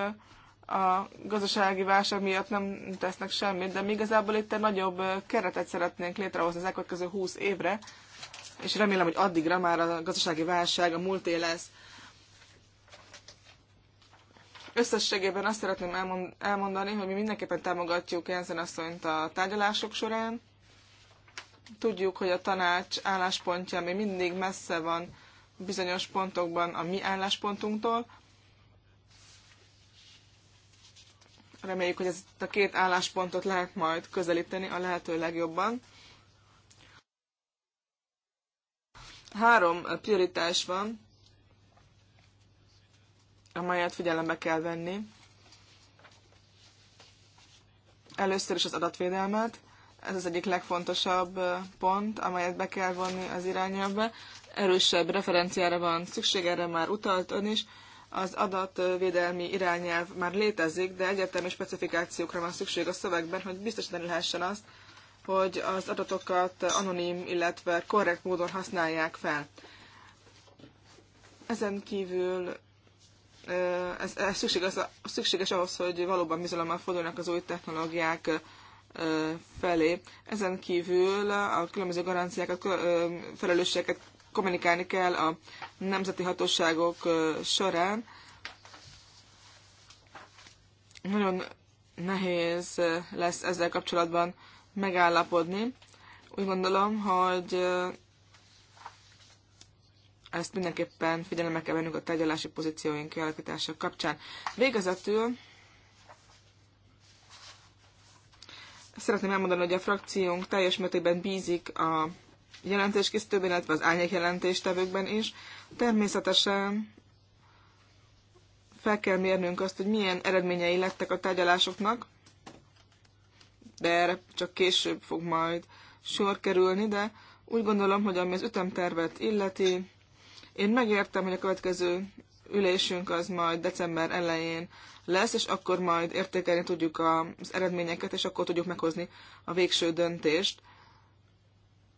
a gazdasági válság miatt nem tesznek semmit, de mi igazából itt egy nagyobb keretet szeretnénk létrehozni az elkövetkező 20 évre, és remélem, hogy addigra már a gazdasági válság a múlté lesz. Összességében azt szeretném elmondani, hogy mi mindenképpen támogatjuk Jensen asszonyt a tárgyalások során. Tudjuk, hogy a tanács álláspontja még mindig messze van bizonyos pontokban a mi álláspontunktól. Reméljük, hogy ezt a két álláspontot lehet majd közelíteni a lehető legjobban. Három prioritás van, amelyet figyelembe kell venni. Először is az adatvédelmet, ez az egyik legfontosabb pont, amelyet be kell vonni az irányelvbe. Erősebb referenciára van szükség, erre már utalt ön is. Az adatvédelmi irányelv már létezik, de egyetemi specifikációkra van szükség a szövegben, hogy biztosítani lehessen azt, hogy az adatokat anonim, illetve korrekt módon használják fel. Ezen kívül ez, ez szükséges, szükséges ahhoz, hogy valóban bizalommal fordulnak az új technológiák felé. Ezen kívül a különböző garanciákat, felelősségeket kommunikálni kell a nemzeti hatóságok során. Nagyon nehéz lesz ezzel kapcsolatban megállapodni. Úgy gondolom, hogy ezt mindenképpen figyelembe kell vennünk a tárgyalási pozícióink kialakítása kapcsán. Végezetül szeretném elmondani, hogy a frakciónk teljes mértékben bízik a jelentéskészítőben, illetve az árnyék jelentéstevőkben is. Természetesen fel kell mérnünk azt, hogy milyen eredményei lettek a tárgyalásoknak, de erre csak később fog majd sor kerülni, de úgy gondolom, hogy ami az ütemtervet illeti, én megértem, hogy a következő ülésünk az majd december elején lesz, és akkor majd értékelni tudjuk az eredményeket, és akkor tudjuk meghozni a végső döntést.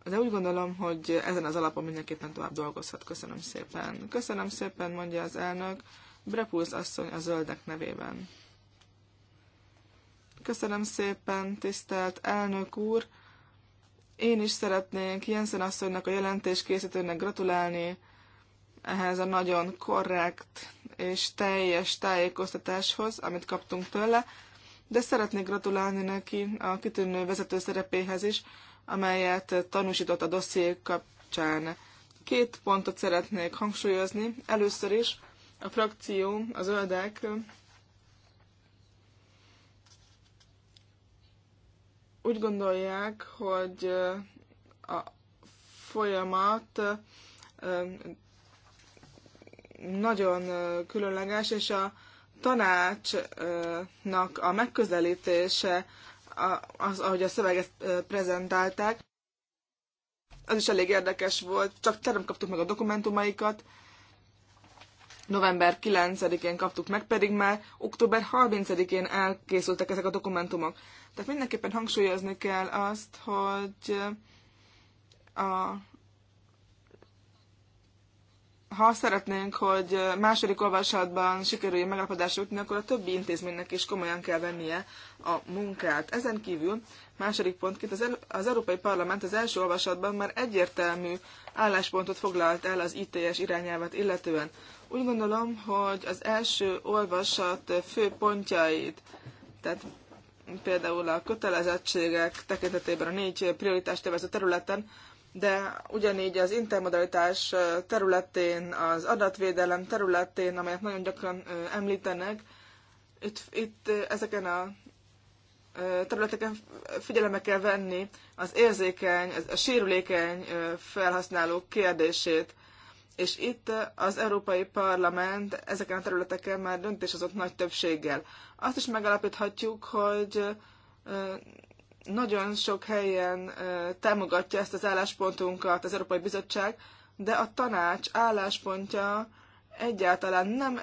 De úgy gondolom, hogy ezen az alapon mindenképpen tovább dolgozhat. Köszönöm szépen. Köszönöm szépen, mondja az elnök. Brepulsz asszony a zöldek nevében. Köszönöm szépen, tisztelt elnök úr! Én is szeretnék Jensen asszonynak a jelentés készítőnek gratulálni ehhez a nagyon korrekt és teljes tájékoztatáshoz, amit kaptunk tőle, de szeretnék gratulálni neki a kitűnő vezető szerepéhez is, amelyet tanúsított a dosszié kapcsán. Két pontot szeretnék hangsúlyozni. Először is a frakció, az öldek úgy gondolják, hogy a folyamat nagyon különleges, és a tanácsnak a megközelítése, az, ahogy a szöveget prezentálták, az is elég érdekes volt, csak nem kaptuk meg a dokumentumaikat, november 9-én kaptuk meg, pedig már október 30-én elkészültek ezek a dokumentumok. Tehát mindenképpen hangsúlyozni kell azt, hogy a ha szeretnénk, hogy második olvasatban sikerüljön megállapodásra jutni, akkor a többi intézménynek is komolyan kell vennie a munkát. Ezen kívül második pontként az, az Európai Parlament az első olvasatban már egyértelmű álláspontot foglalt el az ITS irányelvet illetően. Úgy gondolom, hogy az első olvasat fő pontjait, tehát például a kötelezettségek tekintetében a négy prioritást tevező területen, de ugyanígy az intermodalitás területén, az adatvédelem területén, amelyet nagyon gyakran említenek, itt, itt ezeken a területeken figyelembe kell venni az érzékeny, a sérülékeny felhasználók kérdését. És itt az Európai Parlament ezeken a területeken már döntés hozott nagy többséggel. Azt is megalapíthatjuk, hogy nagyon sok helyen támogatja ezt az álláspontunkat az Európai Bizottság, de a tanács álláspontja egyáltalán nem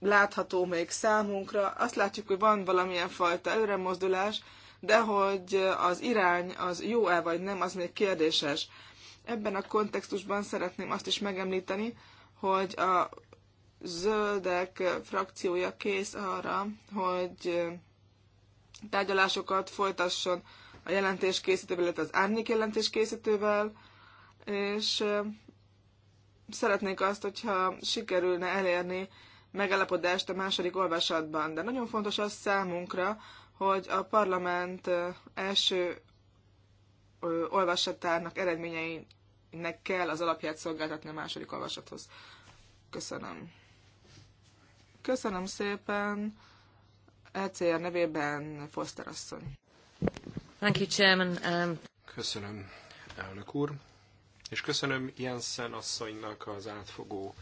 látható még számunkra. Azt látjuk, hogy van valamilyen fajta előremozdulás, de hogy az irány az jó-e vagy nem, az még kérdéses. Ebben a kontextusban szeretném azt is megemlíteni, hogy a zöldek frakciója kész arra, hogy tárgyalásokat folytasson a jelentés készítővel, illetve az árnyék jelentés készítővel, és szeretnék azt, hogyha sikerülne elérni megállapodást a második olvasatban. De nagyon fontos az számunkra, hogy a parlament első olvasatának eredményeinek kell az alapját szolgáltatni a második olvasathoz. Köszönöm. Köszönöm szépen. ECR nevében Foster asszony. Thank you, Chairman. Um... Köszönöm, elnök úr, és köszönöm Jensen asszonynak az átfogó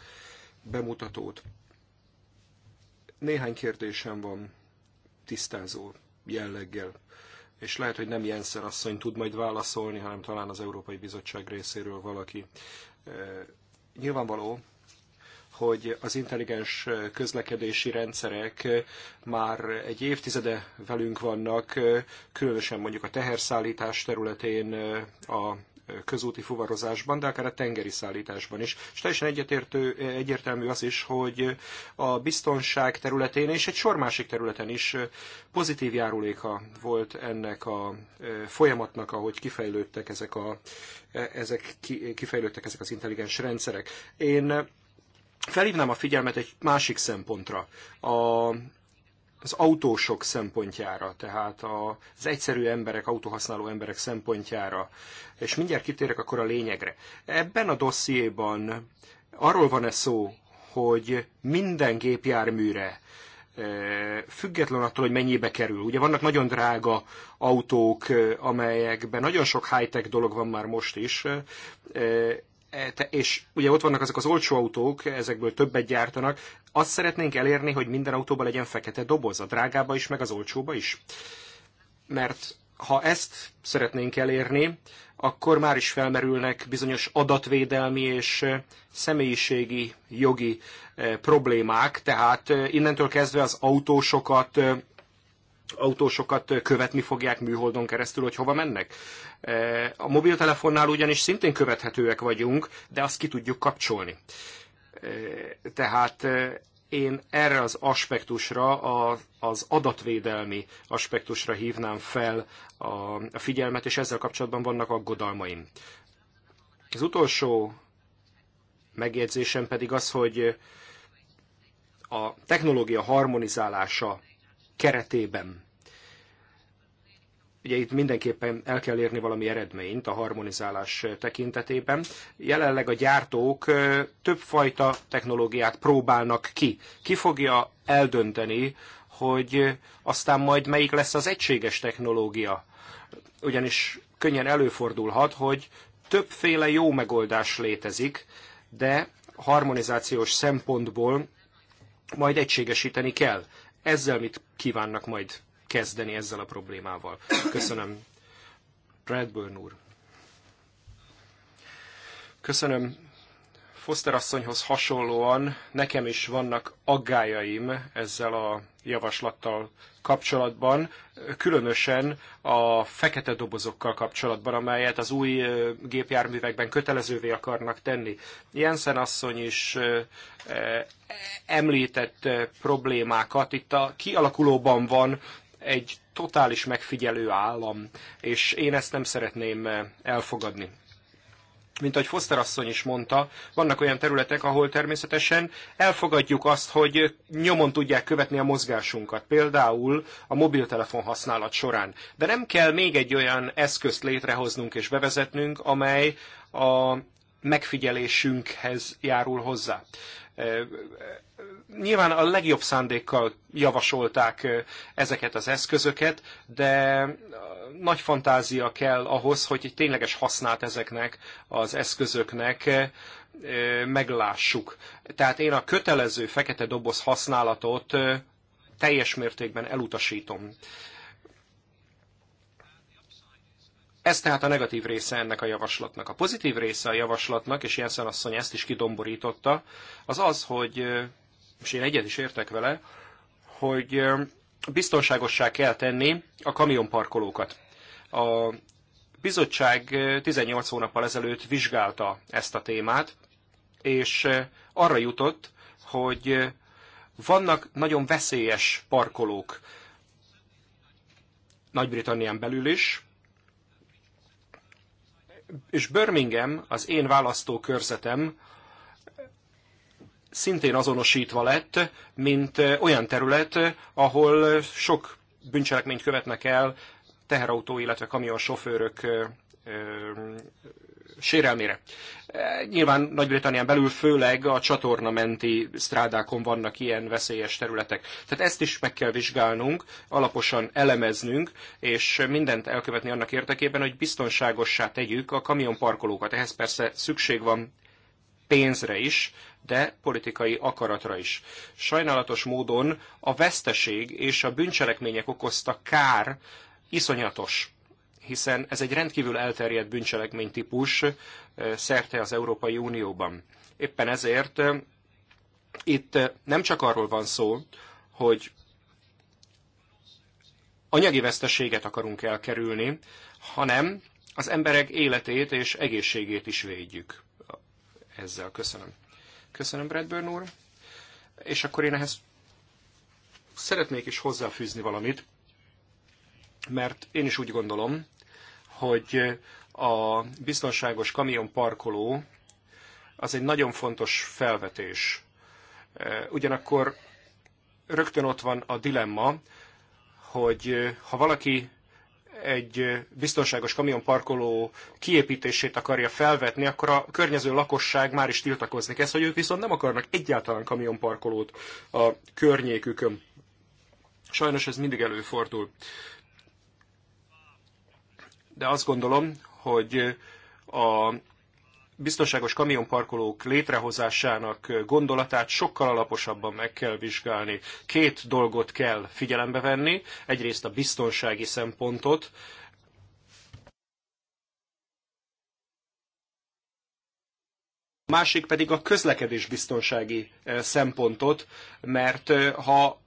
bemutatót. Néhány kérdésem van tisztázó jelleggel, és lehet, hogy nem Jensen asszony tud majd válaszolni, hanem talán az Európai Bizottság részéről valaki. E, nyilvánvaló, hogy az intelligens közlekedési rendszerek már egy évtizede velünk vannak, különösen mondjuk a teherszállítás területén, a közúti fuvarozásban, de akár a tengeri szállításban is. És teljesen egyetértő, egyértelmű az is, hogy a biztonság területén és egy sor másik területen is pozitív járuléka volt ennek a e, folyamatnak, ahogy kifejlődtek ezek, a, e, ezek, kifejlődtek ezek az intelligens rendszerek. Én Felhívnám a figyelmet egy másik szempontra, a, az autósok szempontjára, tehát az egyszerű emberek, autóhasználó emberek szempontjára, és mindjárt kitérek akkor a lényegre. Ebben a dossziéban arról van -e szó, hogy minden gépjárműre, e, független attól, hogy mennyibe kerül. Ugye vannak nagyon drága autók, e, amelyekben nagyon sok high-tech dolog van már most is, e, E, és ugye ott vannak azok az olcsó autók, ezekből többet gyártanak, azt szeretnénk elérni, hogy minden autóban legyen fekete doboz, a drágába is, meg az olcsóba is. Mert ha ezt szeretnénk elérni, akkor már is felmerülnek bizonyos adatvédelmi és e, személyiségi jogi e, problémák, tehát innentől kezdve az autósokat autósokat követni fogják műholdon keresztül, hogy hova mennek. E, a mobiltelefonnál ugyanis szintén követhetőek vagyunk, de azt ki tudjuk kapcsolni. E, tehát e, én erre az aspektusra, az adatvédelmi aspektusra hívnám fel a figyelmet, és ezzel kapcsolatban vannak aggodalmaim. Az utolsó megjegyzésem pedig az, hogy a technológia harmonizálása keretében. Ugye itt mindenképpen el kell érni valami eredményt a harmonizálás tekintetében. Jelenleg a gyártók többfajta technológiát próbálnak ki. Ki fogja eldönteni, hogy aztán majd melyik lesz az egységes technológia? Ugyanis könnyen előfordulhat, hogy többféle jó megoldás létezik, de harmonizációs szempontból majd egységesíteni kell ezzel mit kívánnak majd kezdeni ezzel a problémával. Köszönöm. Bradburn úr. Köszönöm, Foster asszonyhoz hasonlóan nekem is vannak aggájaim ezzel a javaslattal kapcsolatban, különösen a fekete dobozokkal kapcsolatban, amelyet az új gépjárművekben kötelezővé akarnak tenni. Jensen asszony is említett problémákat. Itt a kialakulóban van egy totális megfigyelő állam, és én ezt nem szeretném elfogadni mint ahogy Foster asszony is mondta, vannak olyan területek, ahol természetesen elfogadjuk azt, hogy nyomon tudják követni a mozgásunkat, például a mobiltelefon használat során. De nem kell még egy olyan eszközt létrehoznunk és bevezetnünk, amely a megfigyelésünkhez járul hozzá nyilván a legjobb szándékkal javasolták ezeket az eszközöket, de nagy fantázia kell ahhoz, hogy egy tényleges hasznát ezeknek az eszközöknek meglássuk. Tehát én a kötelező fekete doboz használatot teljes mértékben elutasítom. Ez tehát a negatív része ennek a javaslatnak. A pozitív része a javaslatnak, és Jensen asszony ezt is kidomborította, az az, hogy és én egyet is értek vele, hogy biztonságossá kell tenni a kamionparkolókat. A bizottság 18 hónappal ezelőtt vizsgálta ezt a témát, és arra jutott, hogy vannak nagyon veszélyes parkolók Nagy-Britannián belül is, és Birmingham, az én választókörzetem, szintén azonosítva lett, mint eh, olyan terület, ahol sok bűncselekményt követnek el teherautó, illetve kamionsofőrök eh, eh, sérelmére. Nyilván Nagy-Britannián belül főleg a csatornamenti strádákon vannak ilyen veszélyes területek. Tehát ezt is meg kell vizsgálnunk, alaposan elemeznünk, és mindent elkövetni annak érdekében, hogy biztonságossá tegyük a kamionparkolókat. Ehhez persze szükség van pénzre is, de politikai akaratra is. Sajnálatos módon a veszteség és a bűncselekmények okozta kár iszonyatos hiszen ez egy rendkívül elterjedt bűncselekménytípus szerte az Európai Unióban. Éppen ezért itt nem csak arról van szó, hogy anyagi veszteséget akarunk elkerülni, hanem az emberek életét és egészségét is védjük ezzel. Köszönöm. Köszönöm, Bradburn úr. És akkor én ehhez szeretnék is hozzáfűzni valamit, mert én is úgy gondolom, hogy a biztonságos kamion parkoló az egy nagyon fontos felvetés. Ugyanakkor rögtön ott van a dilemma, hogy ha valaki egy biztonságos kamionparkoló kiépítését akarja felvetni, akkor a környező lakosság már is tiltakozni kezd, hogy ők viszont nem akarnak egyáltalán kamionparkolót a környékükön. Sajnos ez mindig előfordul. De azt gondolom, hogy a biztonságos kamionparkolók létrehozásának gondolatát sokkal alaposabban meg kell vizsgálni. Két dolgot kell figyelembe venni, egyrészt a biztonsági szempontot, másik pedig a közlekedés biztonsági eh, szempontot, mert eh, ha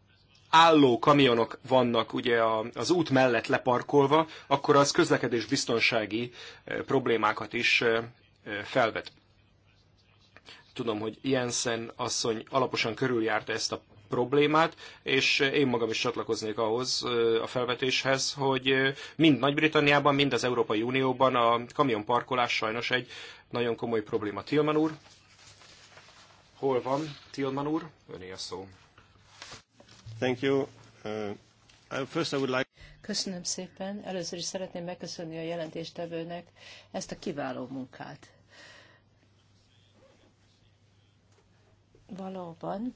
álló kamionok vannak ugye az út mellett leparkolva, akkor az közlekedés biztonsági eh, problémákat is felvet. Tudom, hogy Jensen asszony alaposan körüljárta ezt a problémát, és én magam is csatlakoznék ahhoz a felvetéshez, hogy mind Nagy-Britanniában, mind az Európai Unióban a kamionparkolás sajnos egy nagyon komoly probléma. Tilman úr, hol van Tilman úr? Öné a szó. Thank you. Uh, first I would like... Köszönöm szépen. Először is szeretném megköszönni a jelentéstevőnek ezt a kiváló munkát. Valóban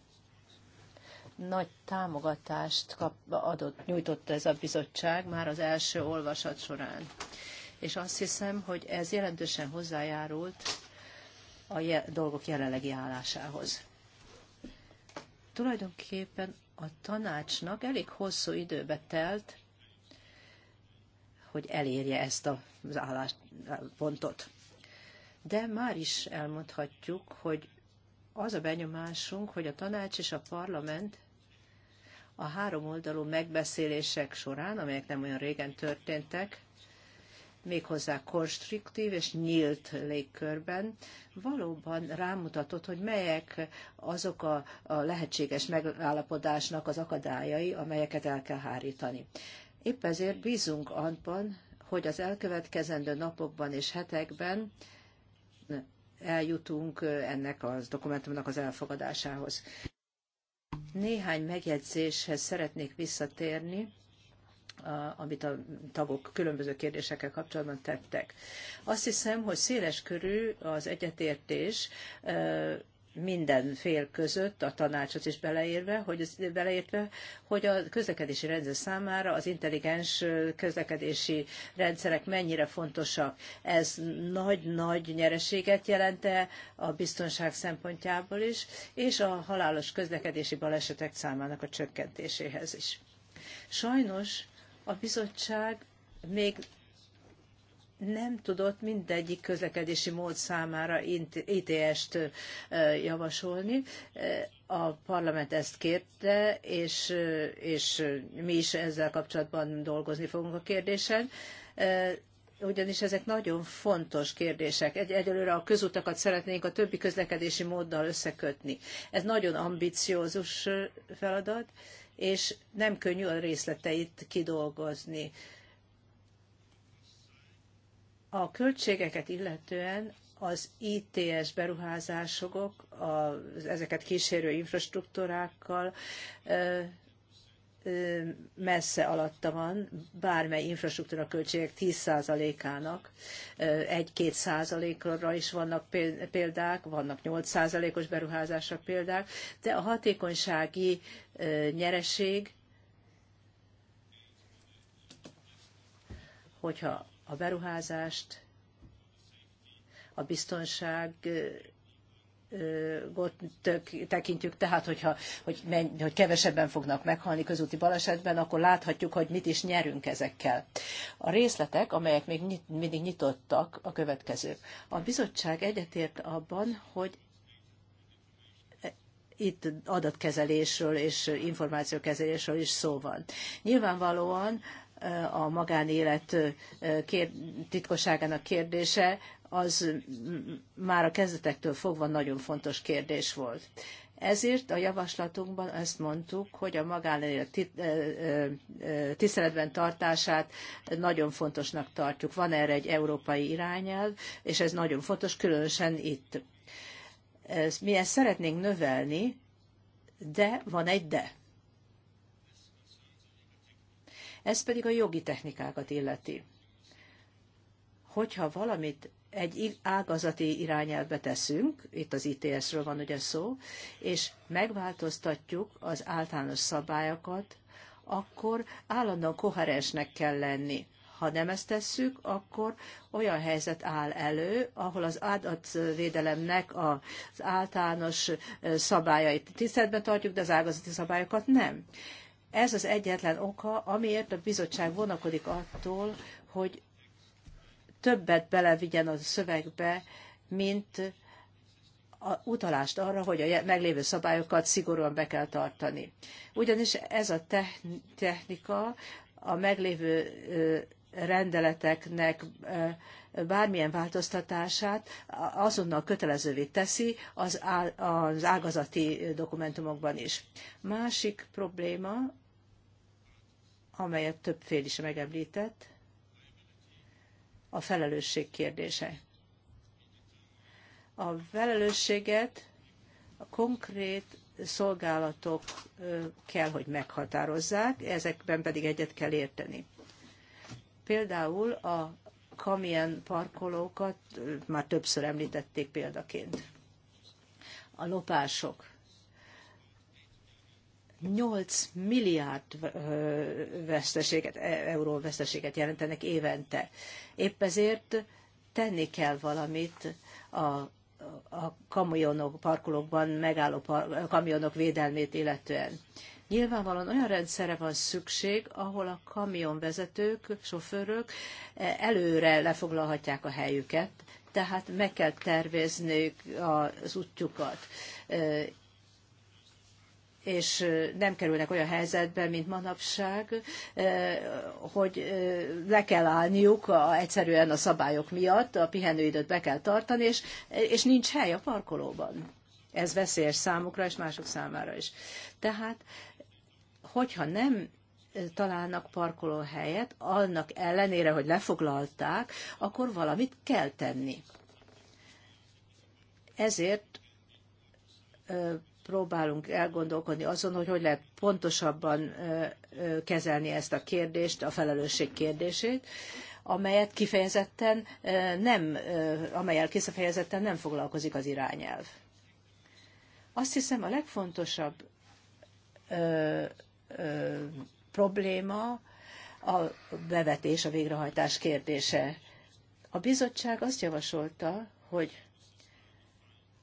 nagy támogatást kap, adott, nyújtott ez a bizottság már az első olvasat során. És azt hiszem, hogy ez jelentősen hozzájárult a je, dolgok jelenlegi állásához. Tulajdonképpen a tanácsnak elég hosszú időbe telt, hogy elérje ezt az álláspontot. De már is elmondhatjuk, hogy az a benyomásunk, hogy a tanács és a parlament a három oldalú megbeszélések során, amelyek nem olyan régen történtek, méghozzá konstruktív és nyílt légkörben valóban rámutatott, hogy melyek azok a, a lehetséges megállapodásnak az akadályai, amelyeket el kell hárítani. Épp ezért bízunk abban, hogy az elkövetkezendő napokban és hetekben eljutunk ennek a dokumentumnak az elfogadásához. Néhány megjegyzéshez szeretnék visszatérni, amit a tagok különböző kérdésekkel kapcsolatban tettek. Azt hiszem, hogy széles körű az egyetértés minden fél között, a tanácsot is beleérve, hogy az, beleértve, hogy a közlekedési rendszer számára az intelligens közlekedési rendszerek mennyire fontosak. Ez nagy-nagy nyereséget jelente a biztonság szempontjából is, és a halálos közlekedési balesetek számának a csökkentéséhez is. Sajnos a bizottság még nem tudott mindegyik közlekedési mód számára ITS-t javasolni. A parlament ezt kérte, és, és mi is ezzel kapcsolatban dolgozni fogunk a kérdésen ugyanis ezek nagyon fontos kérdések. Egy, egyelőre a közutakat szeretnénk a többi közlekedési móddal összekötni. Ez nagyon ambiciózus feladat, és nem könnyű a részleteit kidolgozni. A költségeket illetően az ITS beruházások, a, ezeket kísérő infrastruktúrákkal messze alatta van bármely infrastruktúra költségek 10%-ának. 1-2 százalékra is vannak példák, vannak 8 százalékos beruházásra példák, de a hatékonysági nyereség, hogyha a beruházást, a biztonság tekintjük, tehát hogyha, hogy, menj, hogy kevesebben fognak meghalni közúti balesetben, akkor láthatjuk, hogy mit is nyerünk ezekkel. A részletek, amelyek még nyit, mindig nyitottak, a következő. A bizottság egyetért abban, hogy itt adatkezelésről és információkezelésről is szó van. Nyilvánvalóan a magánélet kér, titkosságának kérdése, az már a kezdetektől fogva nagyon fontos kérdés volt. Ezért a javaslatunkban ezt mondtuk, hogy a magánélet tiszteletben tartását nagyon fontosnak tartjuk. Van erre egy európai irányelv, és ez nagyon fontos, különösen itt. Mi ezt szeretnénk növelni, de van egy de. Ez pedig a jogi technikákat illeti. Hogyha valamit egy ágazati irányelvbe teszünk, itt az ITS-ről van ugye szó, és megváltoztatjuk az általános szabályokat, akkor állandóan koherensnek kell lenni. Ha nem ezt tesszük, akkor olyan helyzet áll elő, ahol az adatvédelemnek az általános szabályait tiszteletben tartjuk, de az ágazati szabályokat nem. Ez az egyetlen oka, amiért a bizottság vonakodik attól, hogy többet belevigyen a szövegbe, mint a utalást arra, hogy a meglévő szabályokat szigorúan be kell tartani. Ugyanis ez a technika a meglévő rendeleteknek bármilyen változtatását azonnal kötelezővé teszi az, á, az ágazati dokumentumokban is. Másik probléma, amelyet több fél is megemlített, a felelősség kérdése. A felelősséget a konkrét szolgálatok kell, hogy meghatározzák, ezekben pedig egyet kell érteni Például a kamien parkolókat már többször említették példaként. A lopások. 8 milliárd veszteséget, e, euró veszteséget jelentenek évente. Épp ezért tenni kell valamit a, a kamionok, parkolókban megálló par, kamionok védelmét illetően. Nyilvánvalóan olyan rendszerre van szükség, ahol a kamionvezetők, sofőrök e, előre lefoglalhatják a helyüket, tehát meg kell tervezniük az útjukat e, és e, nem kerülnek olyan helyzetbe, mint manapság, hogy le kell állniuk egyszerűen a szabályok miatt, a pihenőidőt be kell tartani, és, és nincs hely a parkolóban. Ez veszélyes számukra és mások számára is. Tehát hogyha nem eh, találnak parkolóhelyet, annak ellenére, hogy lefoglalták, akkor valamit kell tenni. Ezért próbálunk elgondolkodni azon, hogy hogy lehet pontosabban kezelni ezt a kérdést, a felelősség kérdését, amelyet kifejezetten nem, amelyel kifejezetten nem foglalkozik az irányelv. Azt hiszem a legfontosabb probléma a bevetés, a végrehajtás kérdése. A bizottság azt javasolta, hogy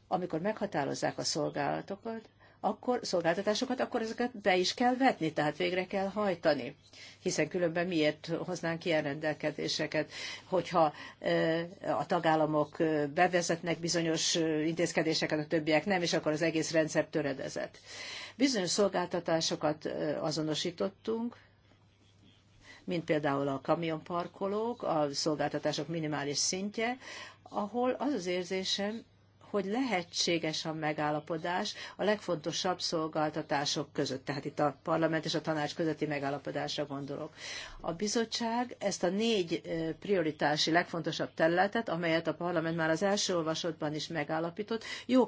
amikor meghatározzák a szolgálatokat, akkor szolgáltatásokat, akkor ezeket be is kell vetni, tehát végre kell hajtani. Hiszen különben miért hoznánk ilyen rendelkezéseket, hogyha a tagállamok bevezetnek bizonyos intézkedéseket, a többiek nem, és akkor az egész rendszer töredezett. Bizonyos szolgáltatásokat azonosítottunk, mint például a kamionparkolók, a szolgáltatások minimális szintje, ahol az az érzésem, hogy lehetséges a megállapodás a legfontosabb szolgáltatások között, tehát itt a parlament és a tanács közötti megállapodásra gondolok. A bizottság ezt a négy prioritási legfontosabb területet, amelyet a parlament már az első olvasatban is megállapított, jó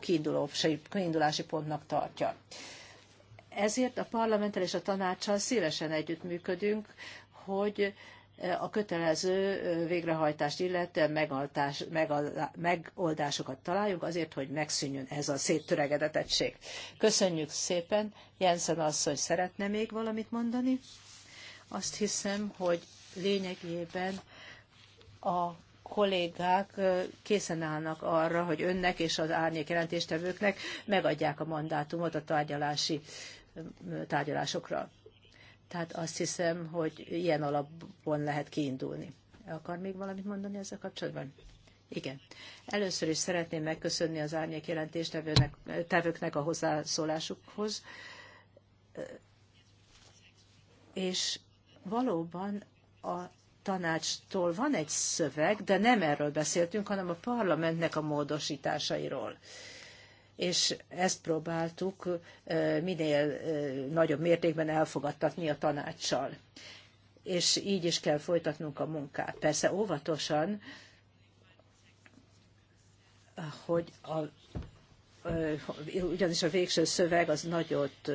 kiindulási pontnak tartja. Ezért a parlamenttel és a tanácssal szívesen együttműködünk, hogy a kötelező végrehajtást illetően megoldásokat találjunk azért, hogy megszűnjön ez a széttöregedetettség. Köszönjük szépen. Jensen asszony szeretne még valamit mondani? Azt hiszem, hogy lényegében a kollégák készen állnak arra, hogy önnek és az árnyék jelentéstevőknek megadják a mandátumot a tárgyalási tárgyalásokra. Tehát azt hiszem, hogy ilyen alapon lehet kiindulni. Akar még valamit mondani ezzel kapcsolatban? Igen. Először is szeretném megköszönni az árnyék jelentéstevőknek a hozzászólásukhoz. És valóban a tanácstól van egy szöveg, de nem erről beszéltünk, hanem a parlamentnek a módosításairól. Uh, és ezt próbáltuk minél nagyobb mértékben elfogadtatni a tanácssal. És így is kell folytatnunk a munkát. Persze óvatosan, hogy a, ugyanis a végső szöveg az nagyot,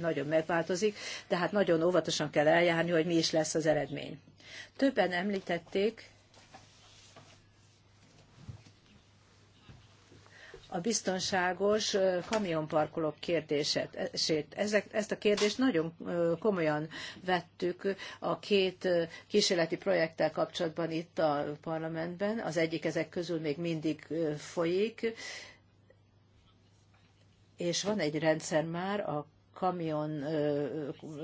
nagyon megváltozik, de hát nagyon óvatosan kell eljárni, hogy mi is lesz az eredmény. Többen említették, a biztonságos kamionparkolók kérdését. Ezek, ezt a kérdést nagyon komolyan vettük a két kísérleti projekttel kapcsolatban itt a parlamentben. Az egyik ezek közül még mindig folyik, és van egy rendszer már a kamion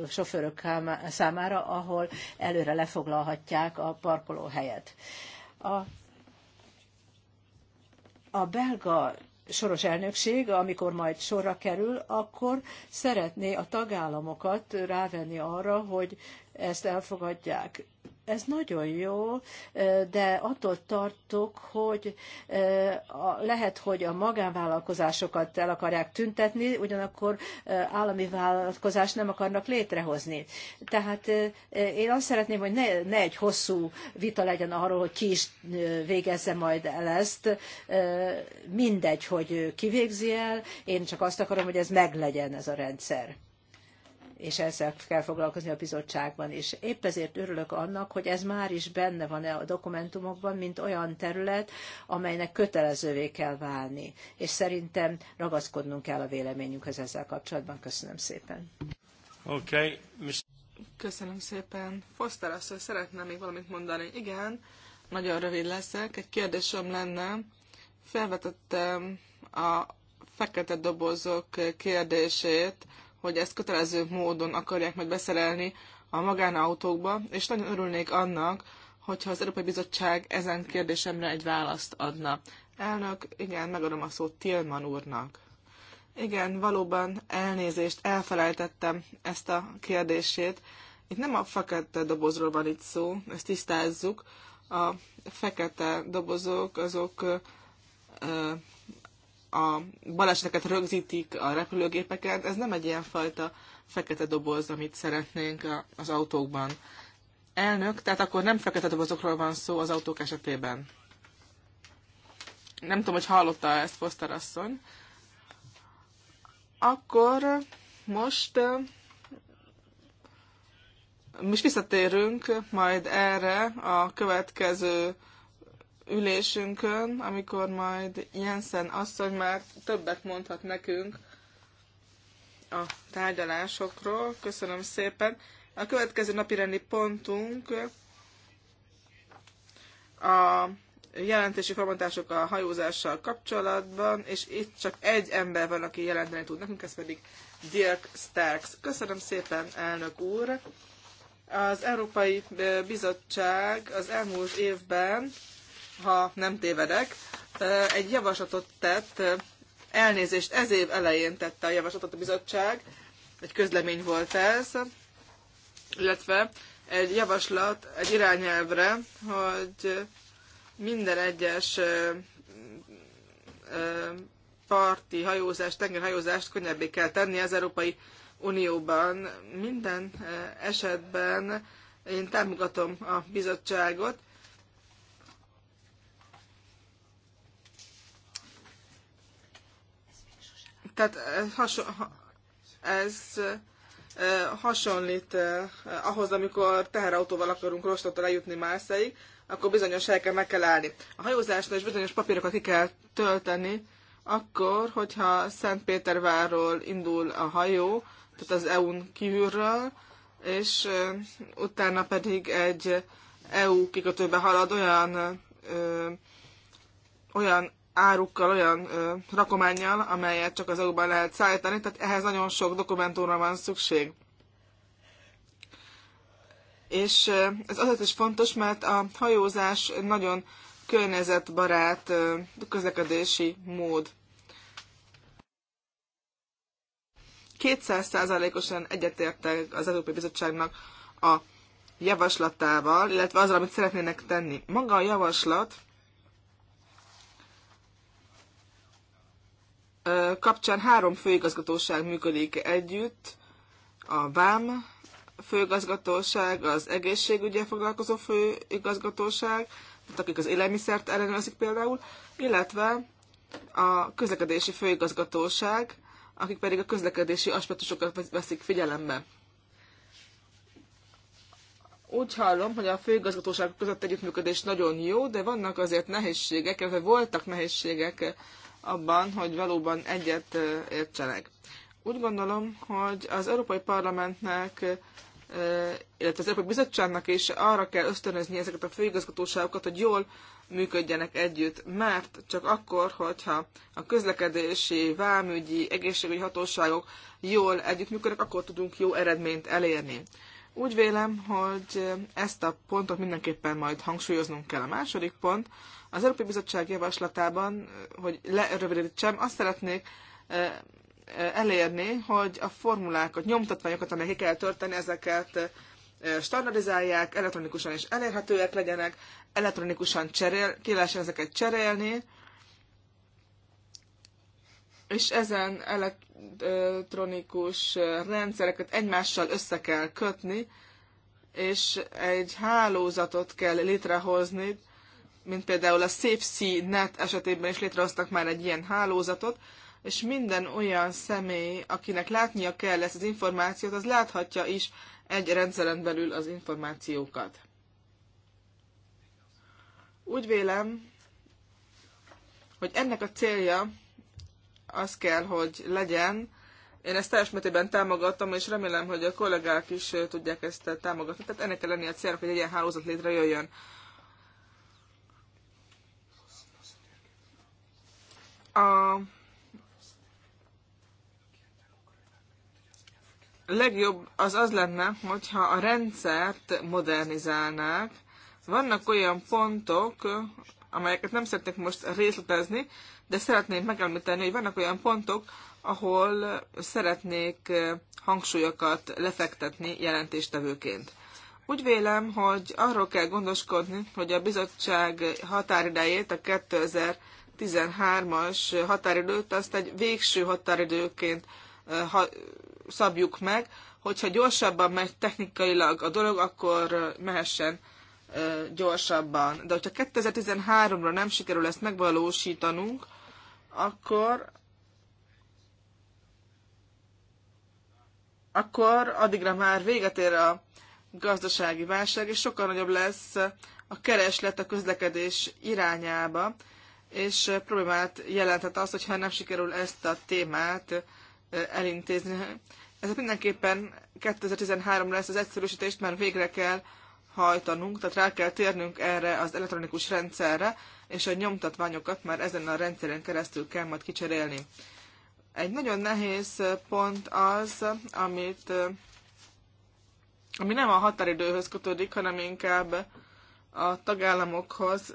sofőrök számára, ahol előre lefoglalhatják a parkolóhelyet. A, a belga soros elnökség, amikor majd sorra kerül, akkor szeretné a tagállamokat rávenni arra, hogy ezt elfogadják. Ez nagyon jó, de attól tartok, hogy lehet, hogy a magánvállalkozásokat el akarják tüntetni, ugyanakkor állami vállalkozást nem akarnak létrehozni. Tehát én azt szeretném, hogy ne, ne egy hosszú vita legyen arról, hogy ki is végezze majd el ezt. Mindegy, hogy ki végzi el, én csak azt akarom, hogy ez meglegyen ez a rendszer és ezzel kell foglalkozni a bizottságban is. Épp ezért örülök annak, hogy ez már is benne van a dokumentumokban, mint olyan terület, amelynek kötelezővé kell válni. És szerintem ragaszkodnunk kell a véleményünkhez ezzel kapcsolatban. Köszönöm szépen. Okay. Köszönöm szépen. Foster azt szeretném még valamit mondani. Igen, nagyon rövid leszek. Egy kérdésem lenne. Felvetettem a fekete dobozok kérdését hogy ezt kötelező módon akarják majd beszerelni a magánautókba, és nagyon örülnék annak, hogyha az Európai Bizottság ezen kérdésemre egy választ adna. Elnök, igen, megadom a szót Tilman úrnak. Igen, valóban elnézést, elfelejtettem ezt a kérdését. Itt nem a fekete dobozról van itt szó, ezt tisztázzuk. A fekete dobozok azok ö, ö, a baleseteket rögzítik a repülőgépeken, ez nem egy ilyen fajta fekete doboz, amit szeretnénk az autókban. Elnök, tehát akkor nem fekete dobozokról van szó az autók esetében. Nem tudom, hogy hallotta ezt Foster asszony. Akkor most most visszatérünk majd erre a következő ülésünkön, amikor majd Jensen asszony már többet mondhat nekünk a tárgyalásokról. Köszönöm szépen. A következő napi rendi pontunk a jelentési formatások a hajózással kapcsolatban, és itt csak egy ember van, aki jelenteni tud nekünk, ez pedig Dirk Starks. Köszönöm szépen, elnök úr! Az Európai Bizottság az elmúlt évben ha nem tévedek, egy javaslatot tett, elnézést ez év elején tette a javaslatot a bizottság, egy közlemény volt ez, illetve egy javaslat egy irányelvre, hogy minden egyes parti hajózást, tengerhajózást könnyebbé kell tenni az Európai Unióban. Minden esetben én támogatom a bizottságot, Tehát hason, ez hasonlít ahhoz, amikor teherautóval akarunk Rostottal eljutni Mászáig, akkor bizonyos helyeken meg kell állni. A hajózásnál is bizonyos papírokat ki kell tölteni, akkor, hogyha Szentpéterváról indul a hajó, tehát az EU-n kívülről, és utána pedig egy EU kikötőbe halad olyan, ö, olyan árukkal, olyan ö, rakományjal, amelyet csak az EU-ban lehet szállítani, tehát ehhez nagyon sok dokumentumra van szükség. És ez azért is fontos, mert a hajózás nagyon környezetbarát közlekedési mód. 200%-osan egyetértek az Európai Bizottságnak a javaslatával, illetve azzal, amit szeretnének tenni. Maga a javaslat kapcsán három főigazgatóság működik együtt, a VÁM főigazgatóság, az egészségügyel foglalkozó főigazgatóság, akik az élelmiszert ellenőrzik például, illetve a közlekedési főigazgatóság, akik pedig a közlekedési aspektusokat veszik figyelembe. Úgy hallom, hogy a főigazgatóságok között együttműködés nagyon jó, de vannak azért nehézségek, vagy voltak nehézségek abban, hogy valóban egyet értsenek. Úgy gondolom, hogy az Európai Parlamentnek, illetve az Európai Bizottságnak is arra kell ösztönözni ezeket a főigazgatóságokat, hogy jól működjenek együtt, mert csak akkor, hogyha a közlekedési, vámügyi, egészségügyi hatóságok jól együttműködnek, akkor tudunk jó eredményt elérni. Úgy vélem, hogy ezt a pontot mindenképpen majd hangsúlyoznunk kell. A második pont, az Európai Bizottság javaslatában, hogy lerövidítsem, azt szeretnék eh, eh, elérni, hogy a formulákat, nyomtatványokat, amelyek kell törteni, ezeket eh, standardizálják, elektronikusan is elérhetőek legyenek, elektronikusan cserél, ki lehessen ezeket cserélni, és ezen elektronikus rendszereket egymással össze kell kötni, és egy hálózatot kell létrehozni, mint például a SafeSea.net esetében is létrehoztak már egy ilyen hálózatot, és minden olyan személy, akinek látnia kell ezt az információt, az láthatja is egy rendszeren belül az információkat. Úgy vélem, hogy ennek a célja az kell, hogy legyen. Én ezt teljes mértékben támogatom, és remélem, hogy a kollégák is tudják ezt támogatni. Tehát ennek kell lenni a célnak, hogy egy ilyen hálózat létrejöjjön. A legjobb az az lenne, hogyha a rendszert modernizálnák. Vannak olyan pontok, amelyeket nem szeretnék most részletezni, de szeretném megemlíteni, hogy vannak olyan pontok, ahol szeretnék eh, hangsúlyokat lefektetni jelentéstevőként. Úgy vélem, hogy arról kell gondoskodni, hogy a bizottság határidejét, a 2013-as határidőt azt egy végső határidőként eh, szabjuk meg, hogyha gyorsabban megy technikailag a dolog, akkor eh, mehessen gyorsabban. De hogyha 2013-ra nem sikerül ezt megvalósítanunk, akkor akkor addigra már véget ér a gazdasági válság, és sokkal nagyobb lesz a kereslet a közlekedés irányába, és problémát jelenthet az, hogyha nem sikerül ezt a témát elintézni. Ez mindenképpen 2013 lesz az egyszerűsítést, mert végre kell hajtanunk, tehát rá kell térnünk erre az elektronikus rendszerre, és a nyomtatványokat már ezen a rendszeren keresztül kell majd kicserélni. Egy nagyon nehéz pont az, amit, ami nem a határidőhöz kötődik, hanem inkább a tagállamokhoz,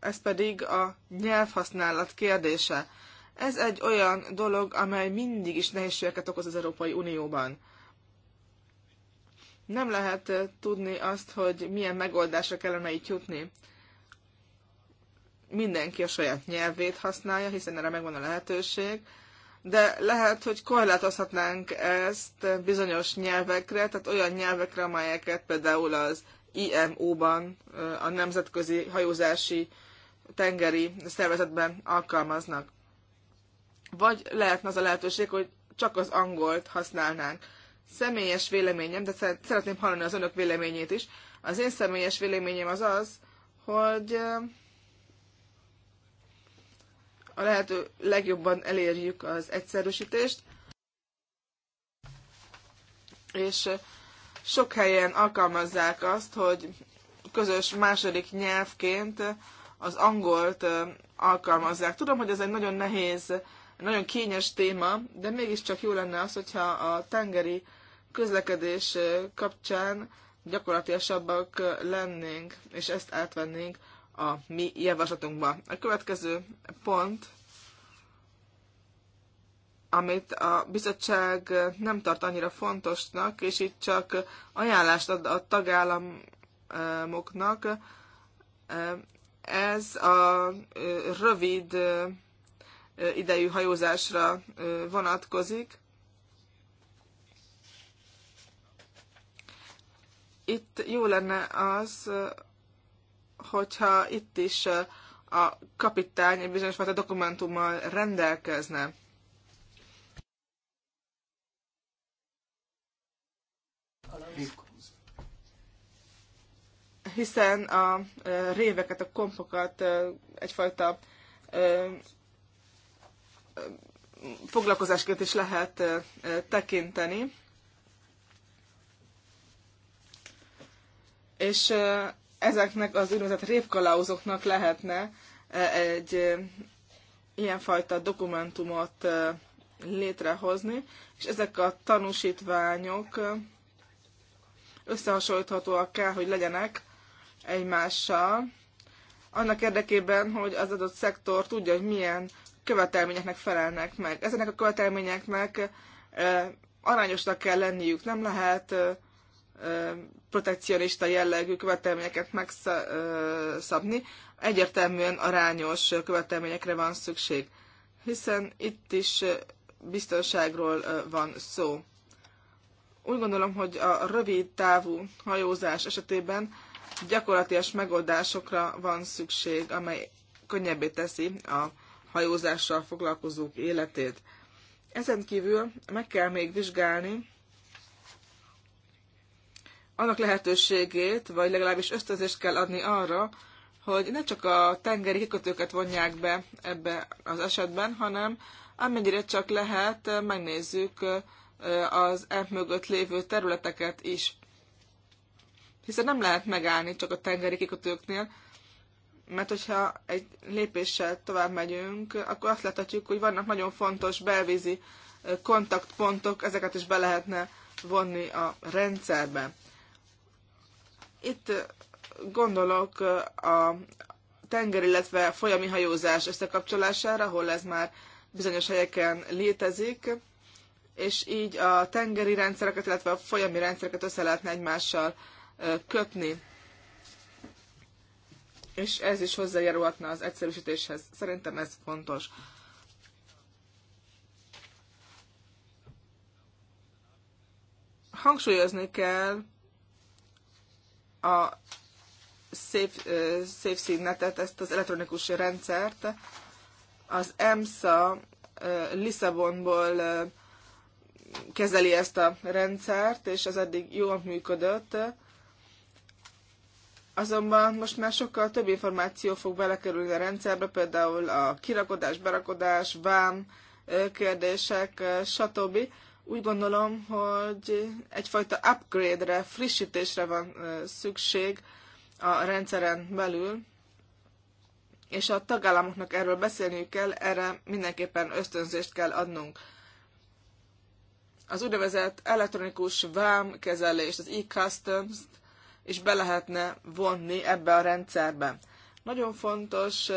ez pedig a nyelvhasználat kérdése. Ez egy olyan dolog, amely mindig is nehézségeket okoz az Európai Unióban. Nem lehet tudni azt, hogy milyen megoldásra kellene itt jutni mindenki a saját nyelvét használja, hiszen erre megvan a lehetőség, de lehet, hogy korlátozhatnánk ezt bizonyos nyelvekre, tehát olyan nyelvekre, amelyeket például az IMO-ban, a Nemzetközi Hajózási Tengeri Szervezetben alkalmaznak. Vagy lehetne az a lehetőség, hogy csak az angolt használnánk. Személyes véleményem, de szeretném hallani az önök véleményét is. Az én személyes véleményem az az, hogy a lehető legjobban elérjük az egyszerűsítést, és eh, sok helyen alkalmazzák azt, hogy közös második nyelvként eh, az angolt eh, alkalmazzák. Tudom, hogy ez egy nagyon nehéz, nagyon kényes téma, de mégiscsak jó lenne az, hogyha a tengeri közlekedés kapcsán gyakorlatilasabbak lennénk, és ezt átvennénk a mi javaslatunkba. A következő pont, amit a bizottság nem tart annyira fontosnak, és itt csak ajánlást ad a tagállamoknak, ez a rövid idejű hajózásra vonatkozik. Itt jó lenne az, hogyha itt is a kapitány egy bizonyos fajta dokumentummal rendelkezne. Hiszen a réveket, a kompokat egyfajta foglalkozásként is lehet tekinteni. És ezeknek az úgynevezett révkalauzoknak lehetne eh, egy eh, ilyenfajta dokumentumot eh, létrehozni, és ezek a tanúsítványok összehasonlíthatóak kell, hogy legyenek egymással, annak érdekében, hogy az adott szektor tudja, hogy milyen követelményeknek felelnek meg. Ezeknek a követelményeknek arányosnak kell lenniük, nem lehet protekcionista jellegű követelményeket megszabni, egyértelműen arányos követelményekre van szükség, hiszen itt is biztonságról van szó. Úgy gondolom, hogy a rövid távú hajózás esetében gyakorlatilag megoldásokra van szükség, amely könnyebbé teszi a hajózással foglalkozók életét. Ezen kívül meg kell még vizsgálni annak lehetőségét, vagy legalábbis ösztönzést kell adni arra, hogy ne csak a tengeri kikötőket vonják be ebbe az esetben, hanem amennyire csak lehet, megnézzük az EMP mögött lévő területeket is. Hiszen nem lehet megállni csak a tengeri kikötőknél, mert hogyha egy lépéssel tovább megyünk, akkor azt láthatjuk, hogy vannak nagyon fontos belvízi kontaktpontok, ezeket is be lehetne vonni a rendszerbe. Itt gondolok a tenger, illetve folyami hajózás összekapcsolására, ahol ez már bizonyos helyeken létezik, és így a tengeri rendszereket, illetve a folyami rendszereket össze lehetne egymással kötni. És ez is hozzájárulhatna az egyszerűsítéshez. Szerintem ez fontos. Hangsúlyozni kell a safe SafeSignetet, ezt az elektronikus rendszert az EMSA Lisszabonból kezeli ezt a rendszert, és ez eddig jól működött. Azonban most már sokkal több információ fog belekerülni a rendszerbe, például a kirakodás, berakodás, vám kérdések, stb. Úgy gondolom, hogy egyfajta upgrade-re, frissítésre van szükség a rendszeren belül, és a tagállamoknak erről beszélniük kell, erre mindenképpen ösztönzést kell adnunk. Az úgynevezett elektronikus vámkezelést, az e-customs is be lehetne vonni ebbe a rendszerbe. Nagyon fontos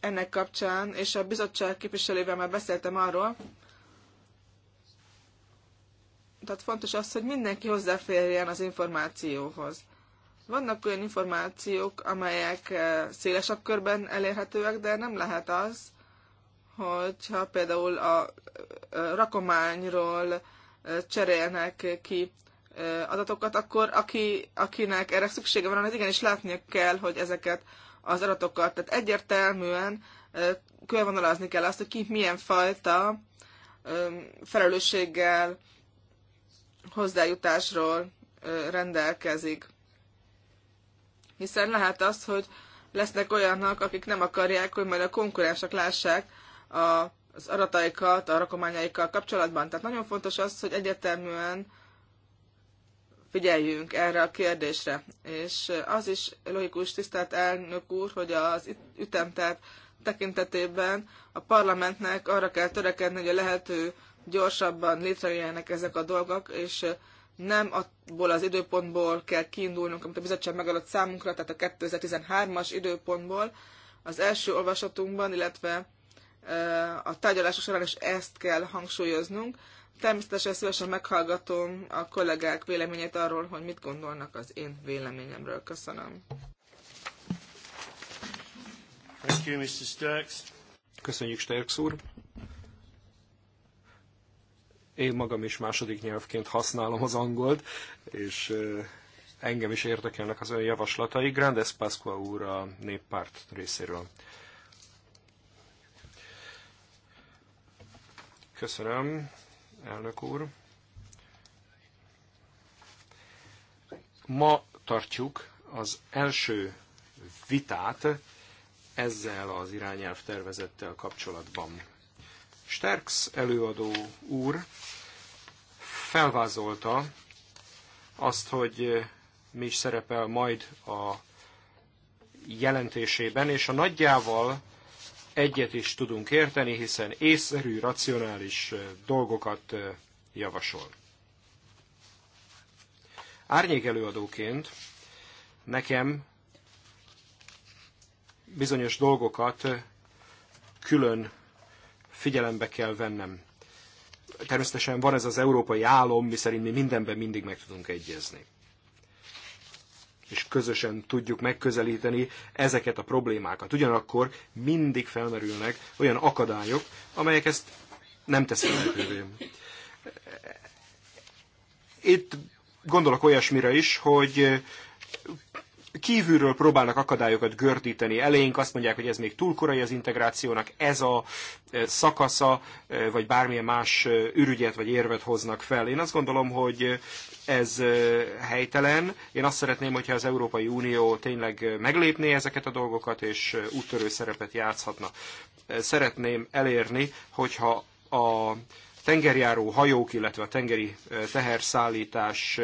ennek kapcsán, és a bizottság képviselővel már beszéltem arról, tehát fontos az, hogy mindenki hozzáférjen az információhoz. Vannak olyan információk, amelyek eh, szélesebb körben elérhetőek, de nem lehet az, hogyha például a eh, rakományról eh, cserélnek ki adatokat, akkor aki, akinek erre szüksége van, az igenis látnia kell, hogy ezeket az adatokat. Tehát egyértelműen körvonalazni kell azt, hogy ki milyen fajta felelősséggel, hozzájutásról rendelkezik. Hiszen lehet az, hogy lesznek olyanok, akik nem akarják, hogy majd a konkurensek lássák az adataikat, a rakományaikkal kapcsolatban. Tehát nagyon fontos az, hogy egyeteműen figyeljünk erre a kérdésre. És az is logikus, tisztelt elnök úr, hogy az ütemterv tekintetében a parlamentnek arra kell törekedni, hogy a lehető gyorsabban létrejöjjenek ezek a dolgok, és nem abból az időpontból kell kiindulnunk, amit a bizottság megadott számunkra, tehát a 2013-as időpontból. Az első olvasatunkban, illetve e, a tárgyalások során is ezt kell hangsúlyoznunk, Természetesen szívesen meghallgatom a kollégák véleményét arról, hogy mit gondolnak az én véleményemről. Köszönöm. Thank you, Mr. Sturks. Köszönjük, Sterks úr. Én magam is második nyelvként használom az angolt, és engem is érdekelnek az ön javaslatai. Grandes Pasqua úr a néppárt részéről. Köszönöm elnök úr. Ma tartjuk az első vitát ezzel az irányelv tervezettel kapcsolatban. Sterks előadó úr felvázolta azt, hogy mi is szerepel majd a jelentésében, és a nagyjával egyet is tudunk érteni, hiszen észszerű, racionális dolgokat javasol. Árnyék előadóként nekem bizonyos dolgokat külön figyelembe kell vennem. Természetesen van ez az európai álom, miszerint mi mindenben mindig meg tudunk egyezni és közösen tudjuk megközelíteni ezeket a problémákat. Ugyanakkor mindig felmerülnek olyan akadályok, amelyek ezt nem teszik lehetővé. Itt gondolok olyasmire is, hogy kívülről próbálnak akadályokat gördíteni elénk, azt mondják, hogy ez még túl korai az integrációnak, ez a szakasza, vagy bármilyen más ürügyet vagy érvet hoznak fel. Én azt gondolom, hogy ez helytelen. Én azt szeretném, hogyha az Európai Unió tényleg meglépné ezeket a dolgokat, és úttörő szerepet játszhatna. Szeretném elérni, hogyha a tengerjáró hajók, illetve a tengeri teherszállítás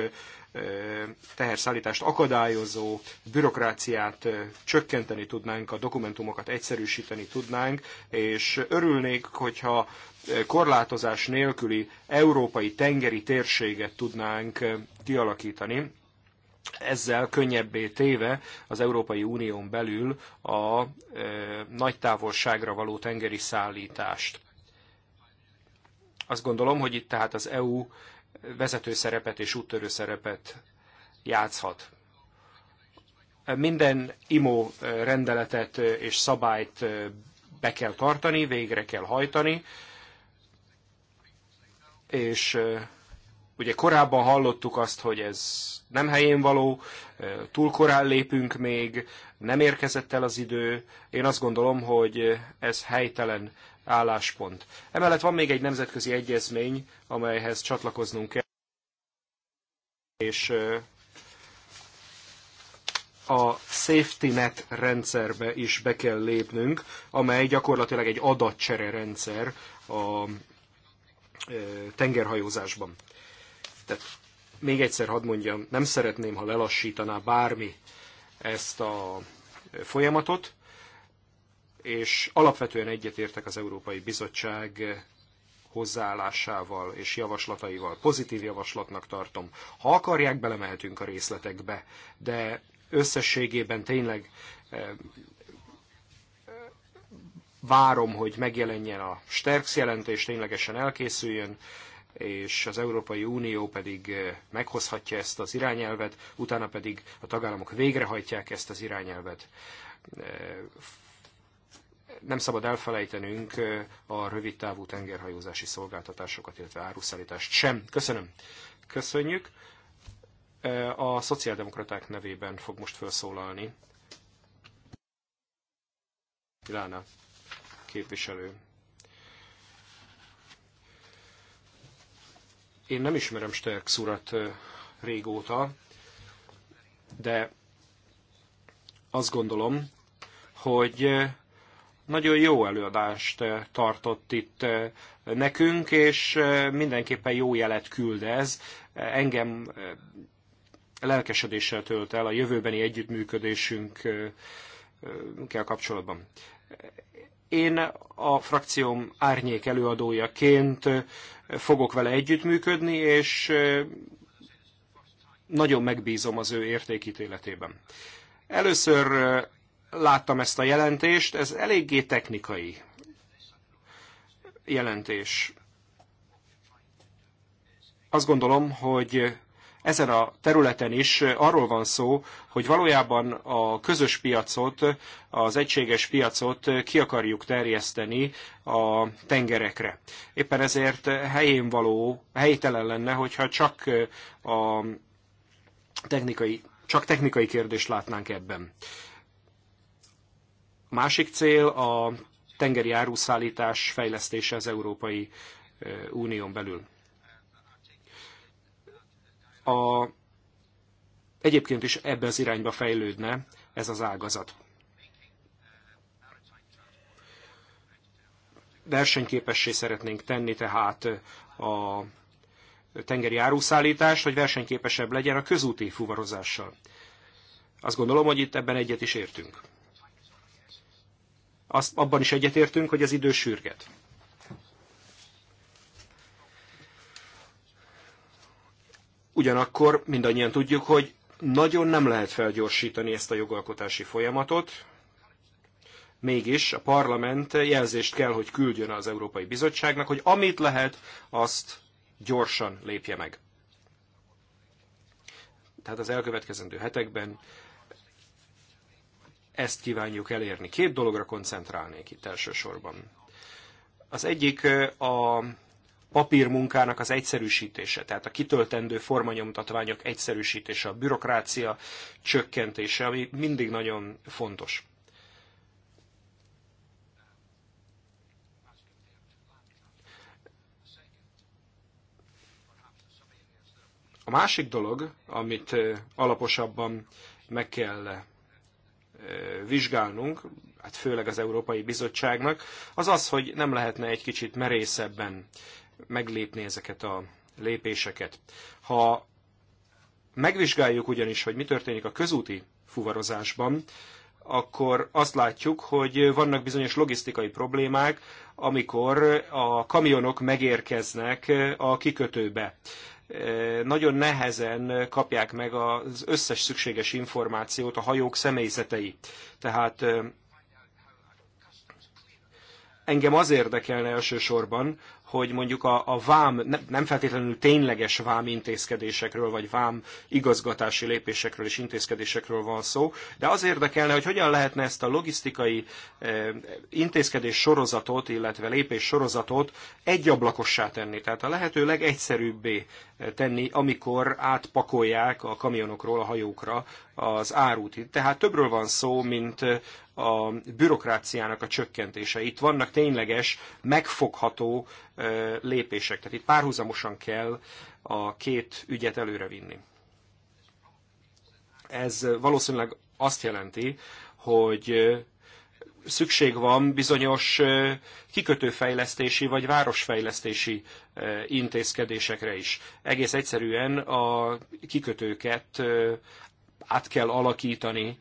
teherszállítást akadályozó bürokráciát csökkenteni tudnánk, a dokumentumokat egyszerűsíteni tudnánk, és örülnék, hogyha korlátozás nélküli európai tengeri térséget tudnánk kialakítani, ezzel könnyebbé téve az Európai Unión belül a e, nagy távolságra való tengeri szállítást. Azt gondolom, hogy itt tehát az EU vezető szerepet és úttörő szerepet játszhat. Minden IMO rendeletet és szabályt be kell tartani, végre kell hajtani, és ugye korábban hallottuk azt, hogy ez nem helyén való, túl korán lépünk még, nem érkezett el az idő. Én azt gondolom, hogy ez helytelen álláspont. Emellett van még egy nemzetközi egyezmény, amelyhez csatlakoznunk kell, és a safety net rendszerbe is be kell lépnünk, amely gyakorlatilag egy adatcsere rendszer a tengerhajózásban. Tehát még egyszer hadd mondjam, nem szeretném, ha lelassítaná bármi ezt a folyamatot, és alapvetően egyetértek az Európai Bizottság hozzáállásával és javaslataival. Pozitív javaslatnak tartom. Ha akarják, belemehetünk a részletekbe, de összességében tényleg eh, eh, várom, hogy megjelenjen a Sterx jelentés, ténylegesen elkészüljön, és az Európai Unió pedig eh, meghozhatja ezt az irányelvet, utána pedig a tagállamok végrehajtják ezt az irányelvet nem szabad elfelejtenünk a rövid távú tengerhajózási szolgáltatásokat, illetve áruszállítást sem. Köszönöm. Köszönjük. A szociáldemokraták nevében fog most felszólalni Ilána képviselő. Én nem ismerem Sterk szurat régóta, de azt gondolom, hogy nagyon jó előadást eh, tartott itt eh, nekünk, és eh, mindenképpen jó jelet küld ez. Engem lelkesedéssel tölt el a jövőbeni együttműködésünkkel kapcsolatban. Én a frakcióm árnyék előadójaként fogok vele együttműködni, és nagyon megbízom az ő értékítéletében. Először láttam ezt a jelentést, ez eléggé technikai jelentés. Azt gondolom, hogy ezen a területen is arról van szó, hogy valójában a közös piacot, az egységes piacot ki akarjuk terjeszteni a tengerekre. Éppen ezért helyén való, helytelen lenne, hogyha csak a technikai, csak technikai kérdést látnánk ebben. Másik cél a tengeri áruszállítás fejlesztése az Európai Unión belül. A, egyébként is ebbe az irányba fejlődne ez az ágazat. Versenyképessé szeretnénk tenni tehát a tengeri áruszállítást, hogy versenyképesebb legyen a közúti fuvarozással. Azt gondolom, hogy itt ebben egyet is értünk. Azt, abban is egyetértünk, hogy az idő sürget. Ugyanakkor mindannyian tudjuk, hogy nagyon nem lehet felgyorsítani ezt a jogalkotási folyamatot, mégis a parlament jelzést kell, hogy küldjön az Európai Bizottságnak, hogy amit lehet, azt gyorsan lépje meg. Tehát az elkövetkezendő hetekben ezt kívánjuk elérni. Két dologra koncentrálnék itt elsősorban. Az egyik a papírmunkának az egyszerűsítése, tehát a kitöltendő formanyomtatványok egyszerűsítése, a bürokrácia csökkentése, ami mindig nagyon fontos. A másik dolog, amit alaposabban meg kell vizsgálnunk, hát főleg az Európai Bizottságnak, az az, hogy nem lehetne egy kicsit merészebben meglépni ezeket a lépéseket. Ha megvizsgáljuk ugyanis, hogy mi történik a közúti fuvarozásban, akkor azt látjuk, hogy vannak bizonyos logisztikai problémák, amikor a kamionok megérkeznek a kikötőbe nagyon nehezen kapják meg az összes szükséges információt a hajók személyzetei. Tehát engem az érdekelne elsősorban, hogy mondjuk a, a vám, nem feltétlenül tényleges vám intézkedésekről, vagy vám igazgatási lépésekről és intézkedésekről van szó, de az érdekelne, hogy hogyan lehetne ezt a logisztikai eh, intézkedés sorozatot, illetve lépés sorozatot egyablakosá tenni, tehát a lehető legegyszerűbbé tenni, amikor átpakolják a kamionokról a hajókra az árút. Tehát többről van szó, mint a bürokráciának a csökkentése. Itt vannak tényleges, megfogható lépések. Tehát itt párhuzamosan kell a két ügyet előrevinni. Ez valószínűleg azt jelenti, hogy szükség van bizonyos kikötőfejlesztési vagy városfejlesztési intézkedésekre is. Egész egyszerűen a kikötőket át kell alakítani,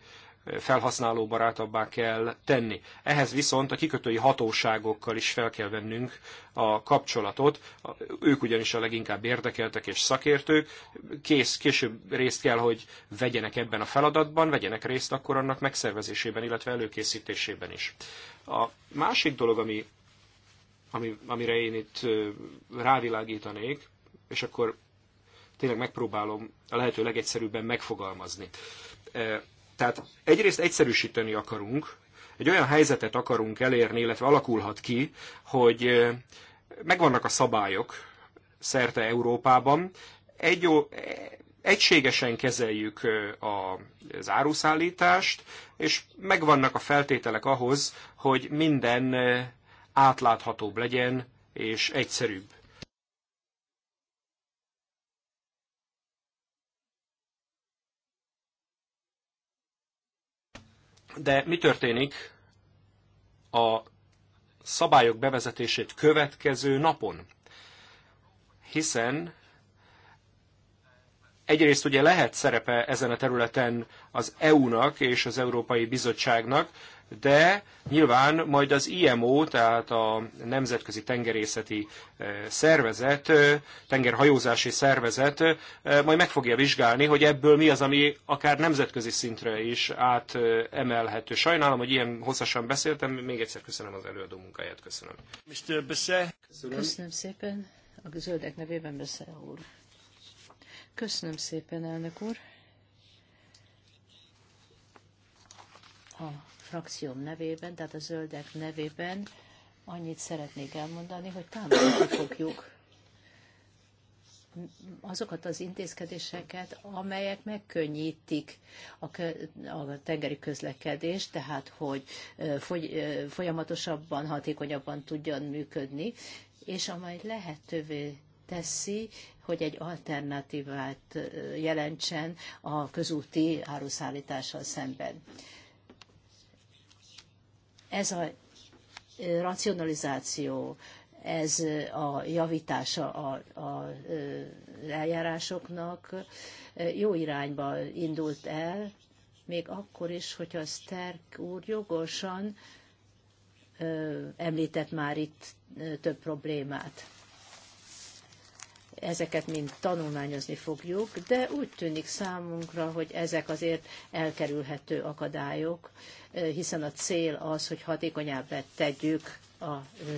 felhasználóbarátabbá kell tenni. Ehhez viszont a kikötői hatóságokkal is fel kell vennünk a kapcsolatot. Ők ugyanis a leginkább érdekeltek és szakértők. Kész, később részt kell, hogy vegyenek ebben a feladatban, vegyenek részt akkor annak megszervezésében, illetve előkészítésében is. A másik dolog, ami, ami, amire én itt rávilágítanék, és akkor tényleg megpróbálom a lehető legegyszerűbben megfogalmazni. E, tehát egyrészt egyszerűsíteni akarunk, egy olyan helyzetet akarunk elérni, illetve alakulhat ki, hogy e, megvannak a szabályok szerte Európában, egy, e, egységesen kezeljük az áruszállítást, és megvannak a feltételek ahhoz, hogy minden átláthatóbb legyen és egyszerűbb. De mi történik a szabályok bevezetését következő napon? Hiszen egyrészt ugye lehet szerepe ezen a területen az EU-nak és az Európai Bizottságnak, de nyilván majd az IMO, tehát a Nemzetközi Tengerészeti eh, Szervezet, eh, tengerhajózási szervezet eh, majd meg fogja vizsgálni, hogy ebből mi az, ami akár nemzetközi szintre is átemelhető. Sajnálom, hogy ilyen hosszasan beszéltem, még egyszer köszönöm az előadó munkáját, köszönöm. Mr. Besse. Köszönöm. köszönöm szépen, a zöldek nevében Besse úr. Köszönöm szépen, elnök úr. Ha frakcióm nevében, tehát a zöldek nevében annyit szeretnék elmondani, hogy támogatni fogjuk azokat az intézkedéseket, amelyek megkönnyítik a, kö, a tengeri közlekedést, tehát hogy foly, folyamatosabban, hatékonyabban tudjon működni, és amely lehetővé teszi, hogy egy alternatívát jelentsen a közúti áruszállítással szemben. Ez a racionalizáció, ez a javítása a, eljárásoknak jó irányba indult el, még akkor is, hogyha a Sterk úr jogosan említett már itt több problémát ezeket mind tanulmányozni fogjuk, de úgy tűnik számunkra, hogy ezek azért elkerülhető akadályok, hiszen a cél az, hogy hatékonyabbá tegyük a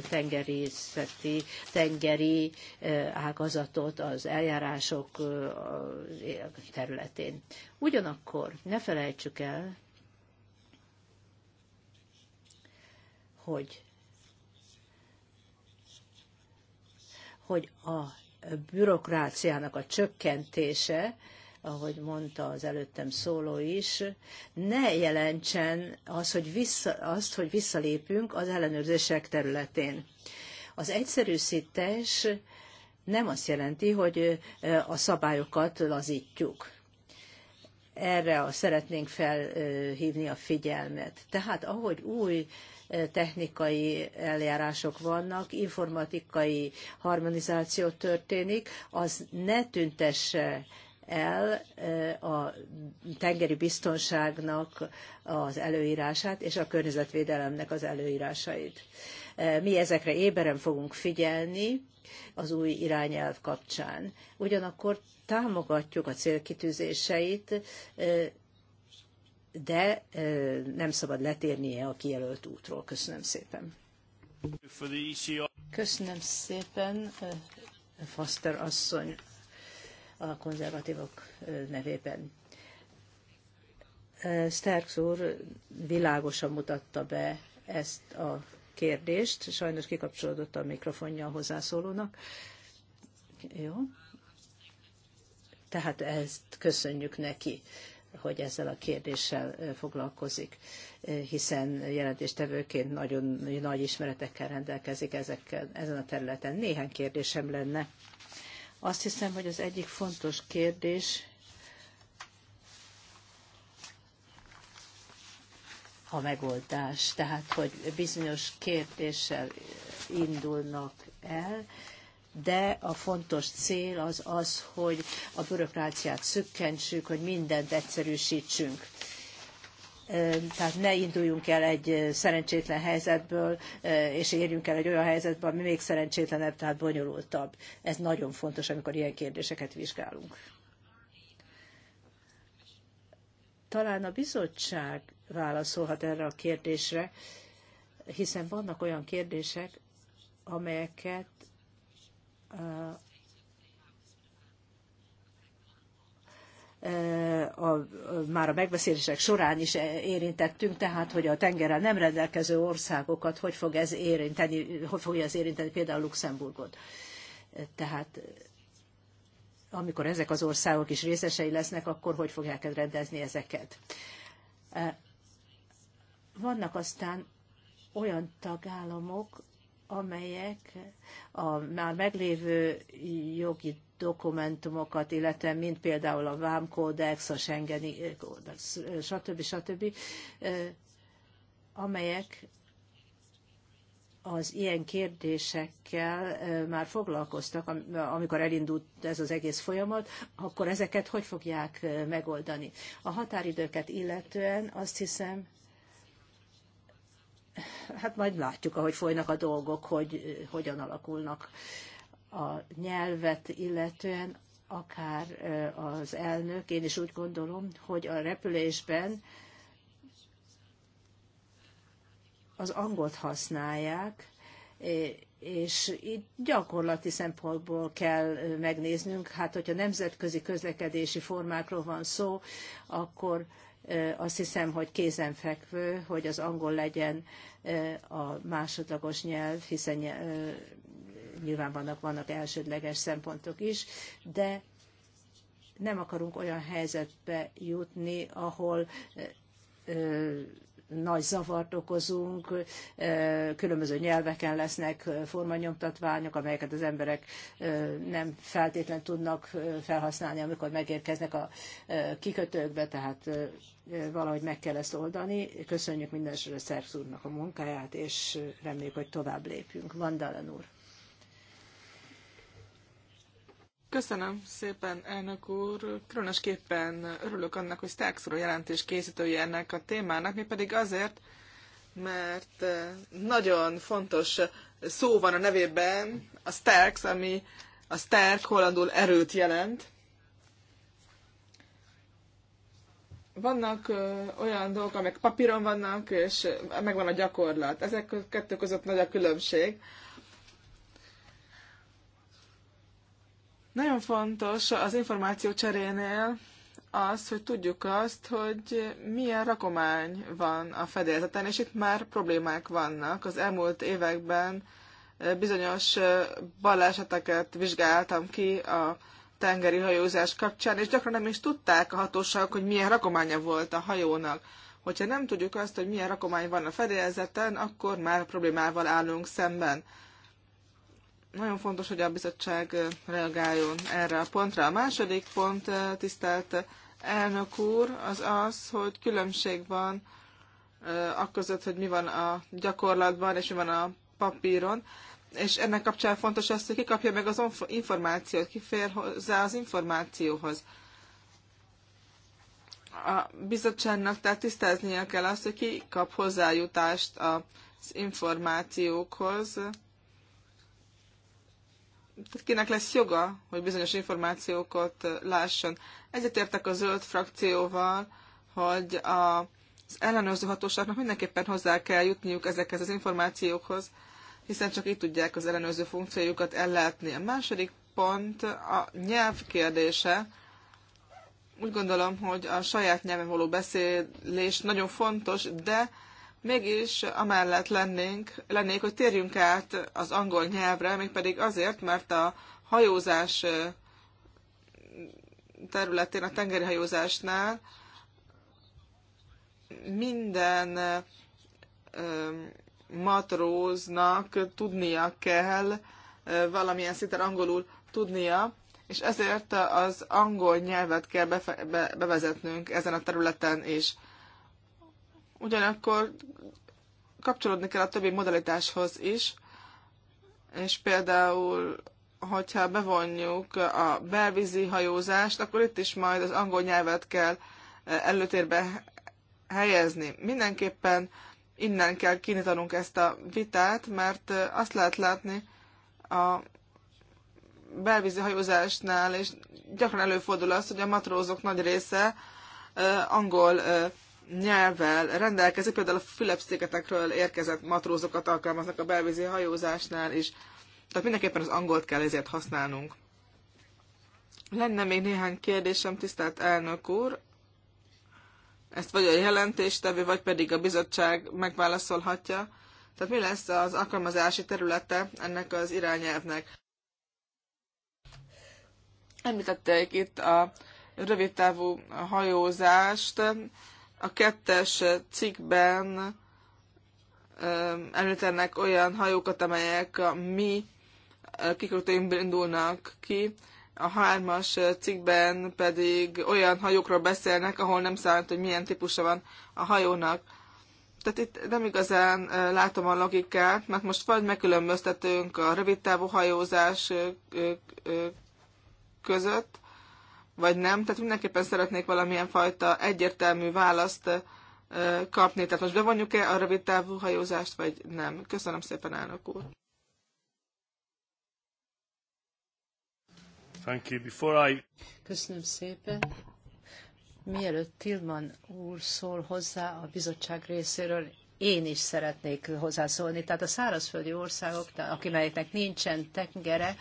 tengerészeti, tengeri eh, ágazatot az eljárások eh, területén. Ugyanakkor ne felejtsük el, hogy hogy a bürokráciának a csökkentése, ahogy mondta az előttem szóló is, ne jelentsen az, hogy, vissza, azt, hogy visszalépünk az ellenőrzések területén. Az egyszerűsítés nem azt jelenti, hogy a szabályokat lazítjuk. Erre szeretnénk felhívni a figyelmet. Tehát ahogy új technikai eljárások vannak, informatikai harmonizáció történik, az ne tüntesse el a tengeri biztonságnak az előírását és a környezetvédelemnek az előírásait. Mi ezekre éberen fogunk figyelni az új irányelv kapcsán. Ugyanakkor támogatjuk a célkitűzéseit, de nem szabad letérnie a kijelölt útról. Köszönöm szépen. Köszönöm szépen, Foster asszony a konzervatívok nevében. Sterks úr világosan mutatta be ezt a kérdést. Sajnos kikapcsolódott a mikrofonja a hozzászólónak. Jó. Tehát ezt köszönjük neki hogy ezzel a kérdéssel foglalkozik, hiszen jelentéstevőként nagyon nagy ismeretekkel rendelkezik ezekkel, ezen a területen. Néhány kérdésem lenne. Azt hiszem, hogy az egyik fontos kérdés a megoldás. Tehát, hogy bizonyos kérdéssel indulnak el, de a fontos cél az az, hogy a bürokráciát szökkentsük, hogy mindent egyszerűsítsünk tehát ne induljunk el egy szerencsétlen helyzetből, és érjünk el egy olyan helyzetbe, ami még szerencsétlenebb, tehát bonyolultabb. Ez nagyon fontos, amikor ilyen kérdéseket vizsgálunk. Talán a bizottság válaszolhat erre a kérdésre, hiszen vannak olyan kérdések, amelyeket a, a, már a megbeszélések során is érintettünk, tehát hogy a tengerrel nem rendelkező országokat hogy fog ez érinteni, hogy fogja ez érinteni például Luxemburgot. Tehát amikor ezek az országok is részesei lesznek, akkor hogy fogják rendezni ezeket. Vannak aztán olyan tagállamok, amelyek a már meglévő jogi dokumentumokat, illetve mint például a vámkódex, a Schengeni kódex, stb. stb., amelyek az ilyen kérdésekkel már foglalkoztak, amikor elindult ez az egész folyamat, akkor ezeket hogy fogják megoldani? A határidőket illetően azt hiszem, hát majd látjuk, ahogy folynak a dolgok, hogy hogyan alakulnak a nyelvet illetően, akár az elnök. Én is úgy gondolom, hogy a repülésben az angolt használják, és itt gyakorlati szempontból kell megnéznünk, hát hogyha nemzetközi közlekedési formákról van szó, akkor azt hiszem, hogy kézenfekvő, hogy az angol legyen a másodlagos nyelv, hiszen nyilván vannak, vannak elsődleges szempontok is, de nem akarunk olyan helyzetbe jutni, ahol nagy zavart okozunk, különböző nyelveken lesznek formanyomtatványok, amelyeket az emberek nem feltétlen tudnak felhasználni, amikor megérkeznek a kikötőkbe, tehát valahogy meg kell ezt oldani. Köszönjük mindenesetre Szerksz úrnak a munkáját, és reméljük, hogy tovább lépünk. Vandalen úr. Köszönöm szépen, elnök úr. Különösképpen örülök annak, hogy Starks úr a jelentés készítője ennek a témának, mi pedig azért, mert eh, nagyon fontos szó van a nevében, a Sterks, ami a Sterk hollandul erőt jelent, vannak olyan dolgok, amelyek papíron vannak, és megvan a gyakorlat. Ezek a kettő között nagy a különbség. Nagyon fontos az információ cserénél az, hogy tudjuk azt, hogy milyen rakomány van a fedélzeten, és itt már problémák vannak. Az elmúlt években bizonyos baleseteket vizsgáltam ki a tengeri hajózás kapcsán, és gyakran nem is tudták a hatóságok, hogy milyen rakománya volt a hajónak. Hogyha nem tudjuk azt, hogy milyen rakomány van a fedélzeten, akkor már problémával állunk szemben. Nagyon fontos, hogy a bizottság reagáljon erre a pontra. A második pont, tisztelt elnök úr, az az, hogy különbség van akközött, hogy mi van a gyakorlatban és mi van a papíron és ennek kapcsán fontos az, hogy kapja meg az információt, fér hozzá az információhoz. A bizottságnak tehát tisztáznia kell azt, hogy ki kap hozzájutást az információkhoz. Tehát kinek lesz joga, hogy bizonyos információkat lásson. Egyetértek a zöld frakcióval, hogy a, az ellenőrző hatóságnak mindenképpen hozzá kell jutniuk ezekhez az információkhoz, hiszen csak itt tudják az ellenőrző funkciójukat ellátni. A második pont a nyelv kérdése. Úgy gondolom, hogy a saját nyelven való beszélés nagyon fontos, de mégis amellett lennénk, lennék, hogy térjünk át az angol nyelvre, mégpedig azért, mert a hajózás területén, a tengeri hajózásnál minden matróznak tudnia kell, valamilyen szinten angolul tudnia, és ezért az angol nyelvet kell befe- be- bevezetnünk ezen a területen is. Ugyanakkor kapcsolódni kell a többi modalitáshoz is, és például, hogyha bevonjuk a belvízi hajózást, akkor itt is majd az angol nyelvet kell előtérbe helyezni. Mindenképpen innen kell kinyitanunk ezt a vitát, mert azt lehet látni a belvízi hajózásnál, és gyakran előfordul az, hogy a matrózok nagy része angol nyelvvel rendelkezik, például a Fülep-szigetekről érkezett matrózokat alkalmaznak a belvízi hajózásnál is. Tehát mindenképpen az angolt kell ezért használnunk. Lenne még néhány kérdésem, tisztelt elnök úr, ezt vagy a jelentéstevő, vagy pedig a bizottság megválaszolhatja. Tehát mi lesz az alkalmazási területe ennek az irányelvnek? Említették itt a rövidtávú hajózást. A kettes cikkben említenek olyan hajókat, amelyek a mi kikötőinkből indulnak ki a hármas cikkben pedig olyan hajókról beszélnek, ahol nem számít, hogy milyen típusa van a hajónak. Tehát itt nem igazán látom a logikát, mert most vagy megkülönböztetünk a rövidtávú hajózás között, vagy nem. Tehát mindenképpen szeretnék valamilyen fajta egyértelmű választ kapni. Tehát most bevonjuk-e a rövidtávú hajózást, vagy nem? Köszönöm szépen, elnök úr! Thank you. Before I... Köszönöm szépen. Mielőtt Tilman úr szól hozzá a bizottság részéről, én is szeretnék hozzászólni. Tehát a szárazföldi országok, akiknek nincsen tengere,